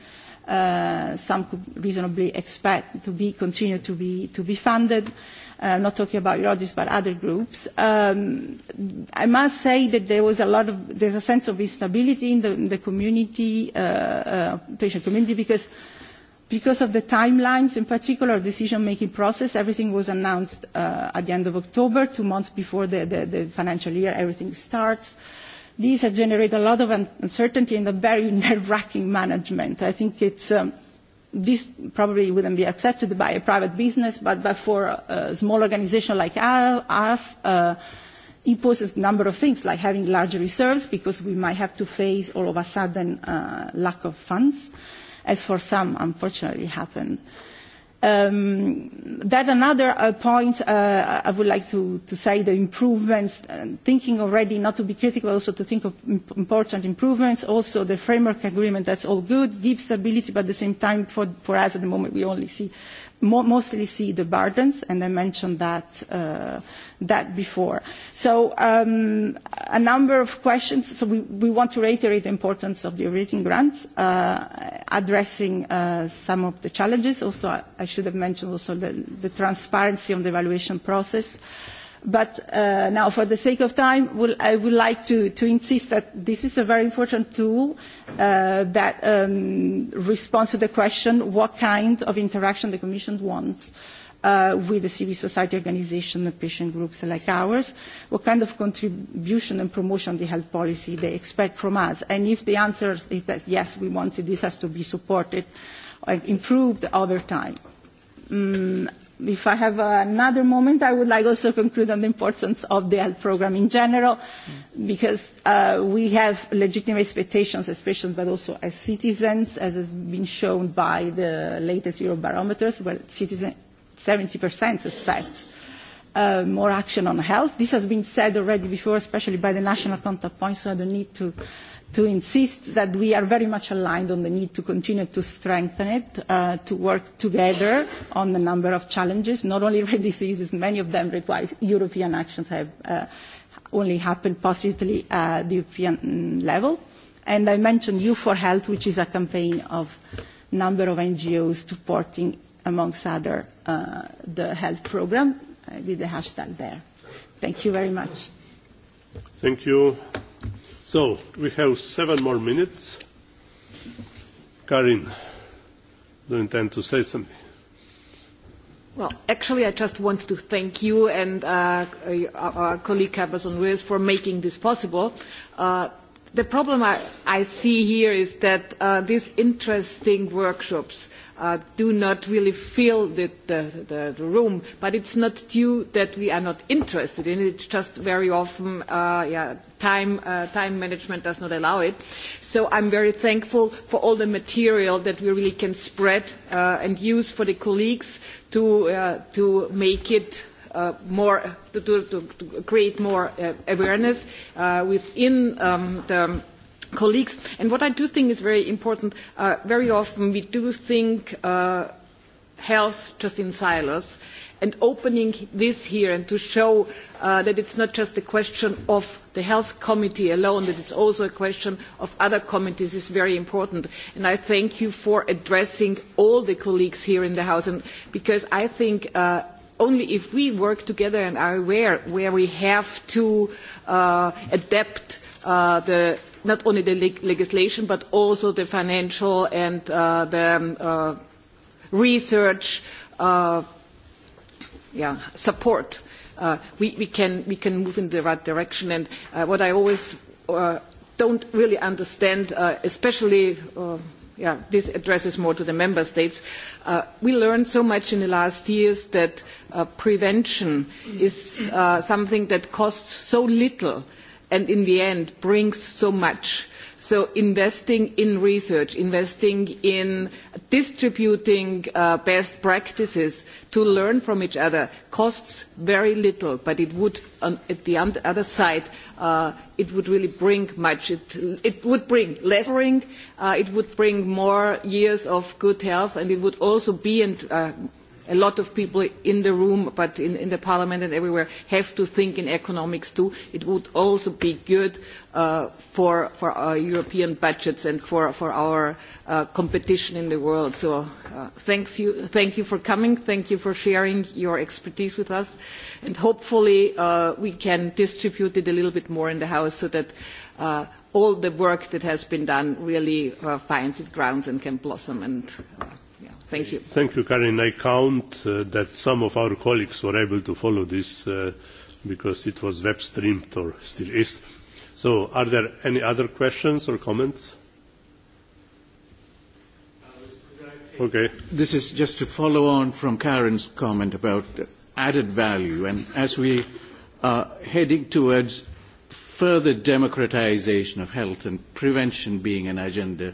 Speaker 10: Uh, some could reasonably expect to be continued to be to be funded. Uh, uh, not talking about Rodis but other groups. Um, I must say that there was a lot of there's a sense of instability in the, in the community uh, uh, patient community because because of the timelines, in particular decision-making process, everything was announced uh, at the end of October, two months before the, the, the financial year, everything starts. This has generated a lot of uncertainty and a very nerve-wracking management. I think it's, um, this probably wouldn't be accepted by a private business, but, but for a, a small organization like us, uh, it poses a number of things, like having large reserves, because we might have to face all of a sudden uh, lack of funds, as for some, unfortunately, happened. Uh, Um, That another uh, point uh, I would like to say, the improvements, uh, thinking already not to be critical, also to think of important improvements. Also, the framework agreement, that's all good, gives stability, but at the same time, for us at the moment, we only see mostly see the burdens, and I mentioned that, uh, that before. So um, a number of questions. So we, we want to reiterate the importance of the rating grants, uh, addressing uh, some of the challenges. Also, I, I should have mentioned also the, the transparency on the evaluation process. Uh, But uh, now, for the sake of time, we'll, I would like to, to insist that this is a very important tool uh, that um, responds to the question what kind of interaction the Commission wants uh, with the civil society organization and patient groups like ours, what kind of contribution and promotion the health policy they expect from us. And if the answer is that yes, we want it, this has to be supported and improved over time. Um, if I have another moment, I would like also to conclude on the importance of the health program in general, mm. because uh, we have legitimate expectations as patients, but also as citizens, as has been shown by the latest Eurobarometers, where citizens 70% expect uh, more action on health. This has been said already before, especially by the national contact points, so I don't need to uh, to insist that we are very much aligned on the need to continue to strengthen it, uh, to work together on the number of challenges, not only rare diseases, many of them require European actions have uh, only happened positively at the European mm, level. And I mentioned You for Health, which is a campaign of number of NGOs supporting, amongst other, uh, the health program. Uh, I did the hashtag there. Thank you very much.
Speaker 2: Thank you. So we have seven more minutes. Karin, do you intend to say something?
Speaker 11: Well, actually, I just wanted to thank you and uh, our colleague, Cabas and Ruiz, for making this possible. Uh, The problem I, I see here is that uh, these interesting workshops uh, do not really fill the, the, the, the room, but it's not due that we are not interested in it, it's just very often uh, yeah, time, uh, time management does not allow it. So I'm very thankful for all the material that we really can spread uh, and use for the colleagues to, uh, to make it uh, more to, to, to create more uh, awareness uh, within um, the colleagues. And what I do think is very important. Uh, very often we do think uh, health just in silos, and opening this here and to show uh, that it's not just a question of the health committee alone, that it's also a question of other committees is very important. And I thank you for addressing all the colleagues here in the House, and because I think. Uh, only if we work together and are aware where we have to uh, adapt uh, the not only the leg legislation, but also the financial and uh, the um, uh, research uh, yeah, support, uh, we, we, can, we can move in the right direction. And uh, what I always uh, don't really understand, uh, especially uh, yeah, this addresses more to the member states. Uh, we learned so much in the last years that uh, prevention is uh, something that costs so little and in the end brings so much. So investing in research, investing in distributing uh, best practices to learn from each other costs very little, but it would, on, at the other side, uh, it would really bring much. It, it would bring less. Uh, it would bring more years of good health, and it would also be and. Uh, a lot of people in the room, but in, in the parliament and everywhere, have to think in economics too. It would also be good uh, for, for our European budgets and for, for our uh, competition in the world. So uh, thanks you, thank you for coming. Thank you for sharing your expertise with us. And hopefully uh, we can distribute it a little bit more in the House so that uh, all the work that has been done really uh, finds its grounds and can blossom. And, uh,
Speaker 2: thank you karin i count uh, that some of our colleagues were able to follow this uh, because it was web streamed or still is so are there any other questions or comments
Speaker 7: okay this is just to follow on from karin's comment about added value and as we are heading towards further democratization of health and prevention being an agenda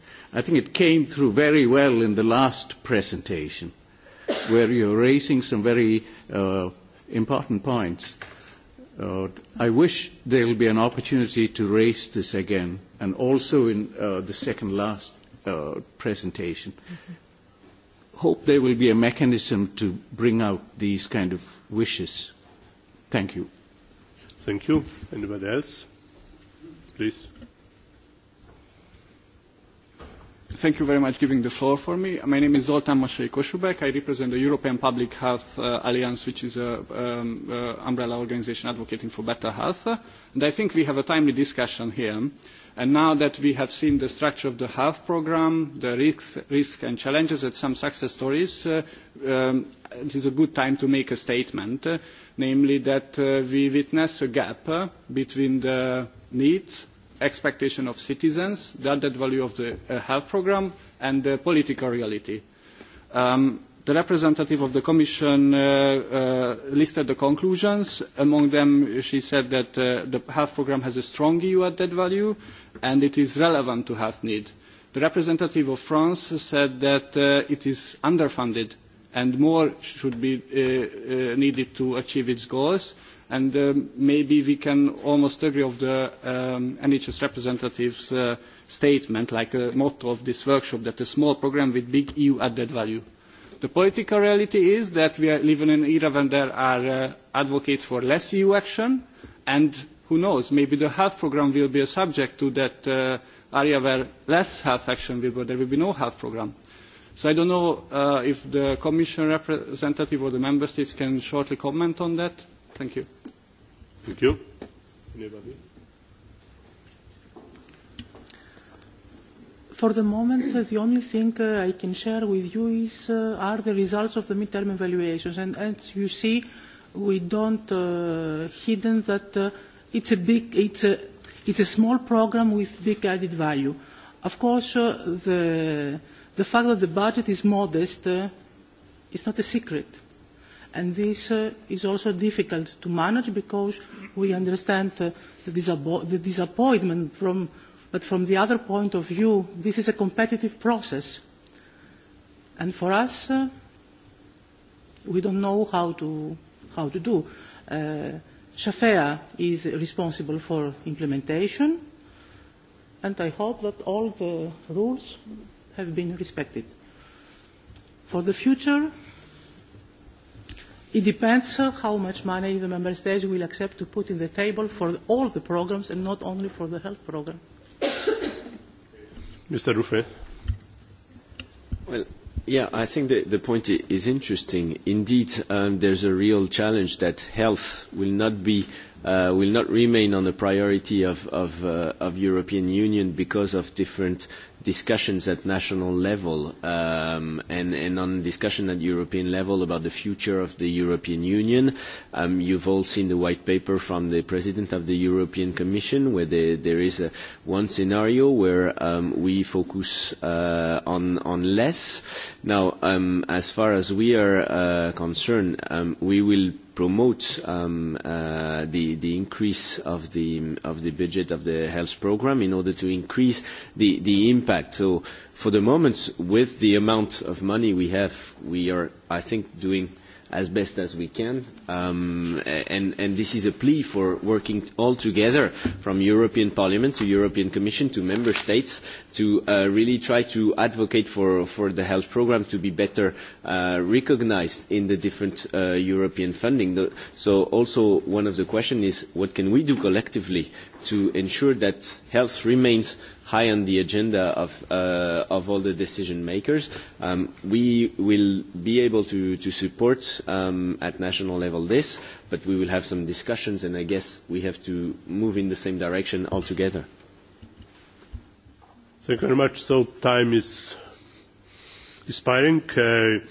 Speaker 7: I think it came through very well in the last presentation, where you're raising some very uh, important points. Uh, I wish there will be an opportunity to raise this again, and also in uh, the second last uh, presentation. Mm-hmm. Hope there will be a mechanism to bring out these kind of wishes. Thank you.
Speaker 2: Thank you. Anybody else? Please.
Speaker 8: Thank you very much for giving the floor for me. My name is Zoltan Mashai Koshubek. I represent the European Public Health uh, Alliance, which is an um, uh, umbrella organization advocating for better health. And I think we have a timely discussion here. And now that we have seen the structure of the health program, the risks risk and challenges and some success stories, uh, um, it is a good time to make a statement, uh, namely that uh, we witness a gap uh, between the needs expectation of citizens, the added value of the uh, health program, and the political reality. Um, the representative of the Commission uh, uh, listed the conclusions. Among them, she said that uh, the health program has a strong EU added value and it is relevant to health need. The representative of France said that uh, it is underfunded and more should be uh, uh, needed to achieve its goals. Uh, and uh, maybe we can almost agree of the um, NHS representative's uh, statement, like a motto of this workshop, that a small program with big EU added value. The political reality is that we are living in an era when there are uh, advocates for less EU action, and who knows, maybe the health program will be a subject to that uh, area where less health action will be, there will be no health program. So I don't know uh, if the Commission representative or the Member States can shortly comment on that. Thank you.
Speaker 2: Thank you.
Speaker 3: For the moment, the only thing uh, I can share with you is, uh, are the results of the midterm evaluations. And as you see, we don't uh, hidden that uh, it's, a big, it's, a, it's a small program with big added value. Of course, uh, the, the fact that the budget is modest uh, is not a secret. And this uh, is also difficult to manage because we understand uh, the, disabo- the disappointment from, but from the other point of view, this is a competitive process. And for us, uh, we don't know how to, how to do. Uh, Shafea is responsible for implementation, and I hope that all the rules have been respected. For the future, It depends how much money the member states will accept to put in the table for all the programs and not only for the health program.
Speaker 2: Mr. Ruffin. Well, yeah, I think
Speaker 5: the, the point is interesting. Indeed, um, there's a real challenge that health will not be uh, uh, will not remain on the priority of, of, uh, of European Union because of different discussions at national level um, and, and on discussion at European level about the future of the European Union. Um, you've all seen the white paper from the President of the European Commission where the, there is a, one scenario where um, we focus uh, on, on less. Now, um, as far as we are uh, concerned, um, we will promote um, uh, the the increase of the of the budget of the health program in order to increase the the impact. So, for the moment, with the amount of money we have, we are I think doing as best as we can. Um, and, and this is a plea for working all together from European Parliament to European Commission to Member States to uh, really try to advocate for, for the health programme to be better uh, recognised in the different uh, European funding. The, so also one of the questions is what can we do collectively to ensure that health remains high on the agenda of uh, of all the decision makers. Um, we will be able to to support um, at national level this, but we will have some discussions, and I guess we have to move in the same direction altogether.
Speaker 2: Thank you very much. So time is expiring. Uh,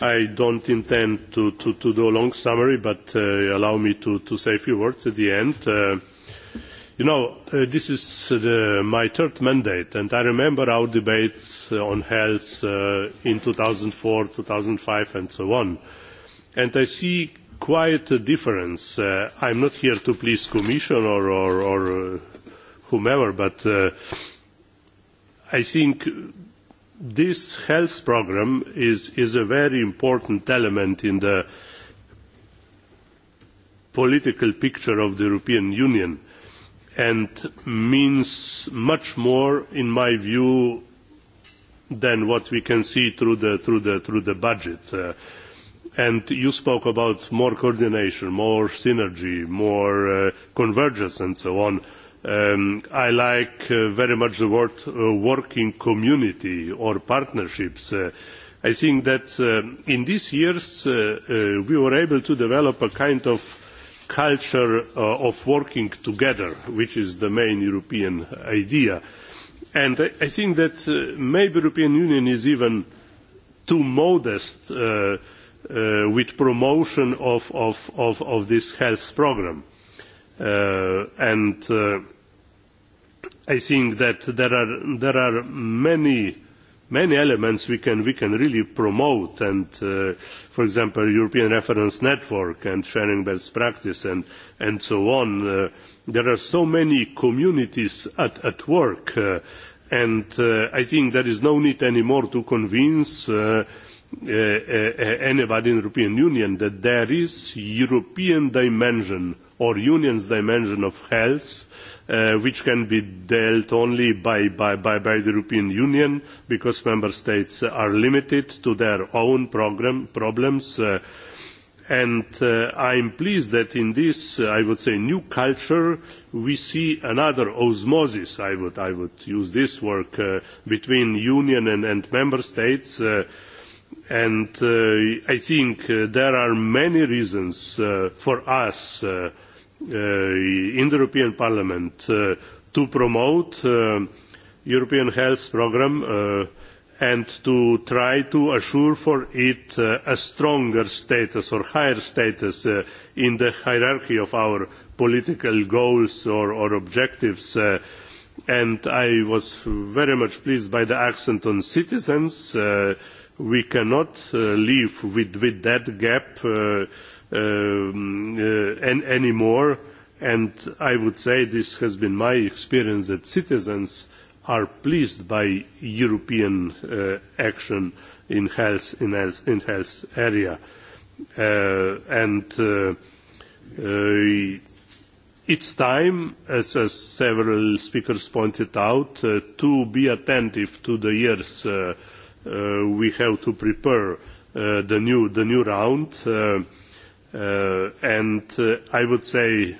Speaker 2: I don't intend to, to, to do a long summary, but uh, allow me to, to say a few words at the end. Uh, you know uh, this is uh, the, my third mandate and i remember our debates uh, on health uh, in 2004 2005 and so on and i see quite a difference uh, i'm not here to please commission or or, or uh, whomever but uh, i think this health program is is a very important element in the political picture of the european union and means much more in my view than what we can see through the, through the, through the budget. Uh, and you spoke about more coordination, more synergy, more uh, convergence and so on. Um, I like uh, very much the word uh, working community or partnerships. Uh, I think that uh, in these years uh, uh, we were able to develop a kind of culture uh, of working together, which is the main European idea. And I, I think that uh, maybe the European Union is even too modest uh, uh, with promotion of, of, of, of this health program. Uh, and uh, I think that there are, there are many uh, many elements we can, we can really promote and uh, for example european reference network and sharing best practice and, and so on uh, there are so many communities at, at work uh, and uh, i think there is no need anymore to convince uh, uh, eh, uh, eh, eh, anybody in the European Union that there is European dimension or Union's dimension of health, uh, which can be dealt only by, by, by, by the European Union because member states are limited to their own program, problems. Uh, and uh, I'm pleased that in this, uh, I would say, new culture, we see another osmosis, I would, I would use this word, uh, between Union and, and member states. Uh, and uh, i think uh, there are many reasons uh, for us uh, uh, in the european parliament uh, to promote uh, european health program uh, and to try to assure for it uh, a stronger status or higher status uh, in the hierarchy of our political goals or, or objectives uh, and i was very much pleased by the accent on citizens uh, we cannot uh, live with, with that gap uh, uh, anymore. And I would say this has been my experience that citizens are pleased by European uh, action in health, in health, in health area. Uh, and uh, uh, it's time, as, as several speakers pointed out, uh, to be attentive to the year's uh, uh, we have to prepare uh, the new the new round uh, uh, and uh, i would say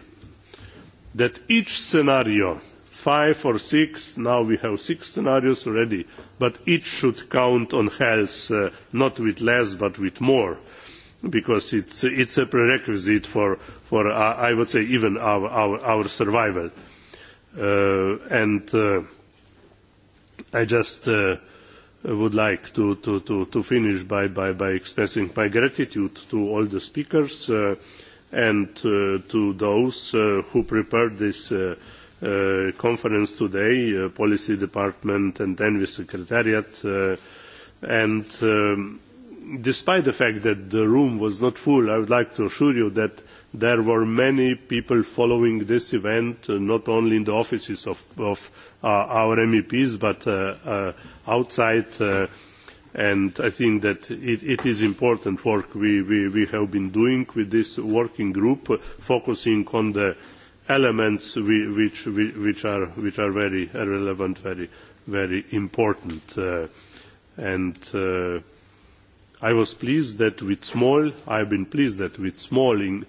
Speaker 2: that each scenario five or six now we have six scenarios already but each should count on health uh, not with less but with more because it's it's a prerequisite for for uh, i would say even our our, our survival uh, and uh, i just uh, would like to to to to finish by by by expressing my gratitude to all the speakers uh, and uh, to those uh, who prepared this uh, uh, conference today uh, policy department and envy secretariat uh, and um, despite the fact that the room was not full i would like to assure you that there were many people following this event uh, not only in the offices of, of Uh, our MEPs, but uh, uh, outside, and I think that it is important work we have been doing with this working group, focusing on the elements which are very relevant, very important. And I was pleased that with small, I've been pleased that with small in,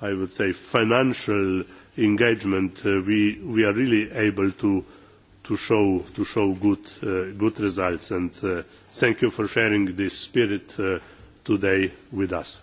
Speaker 2: I would say, financial engagement, we are really able to to show to show good uh, good results and uh, thank you for sharing this spirit uh, today with us.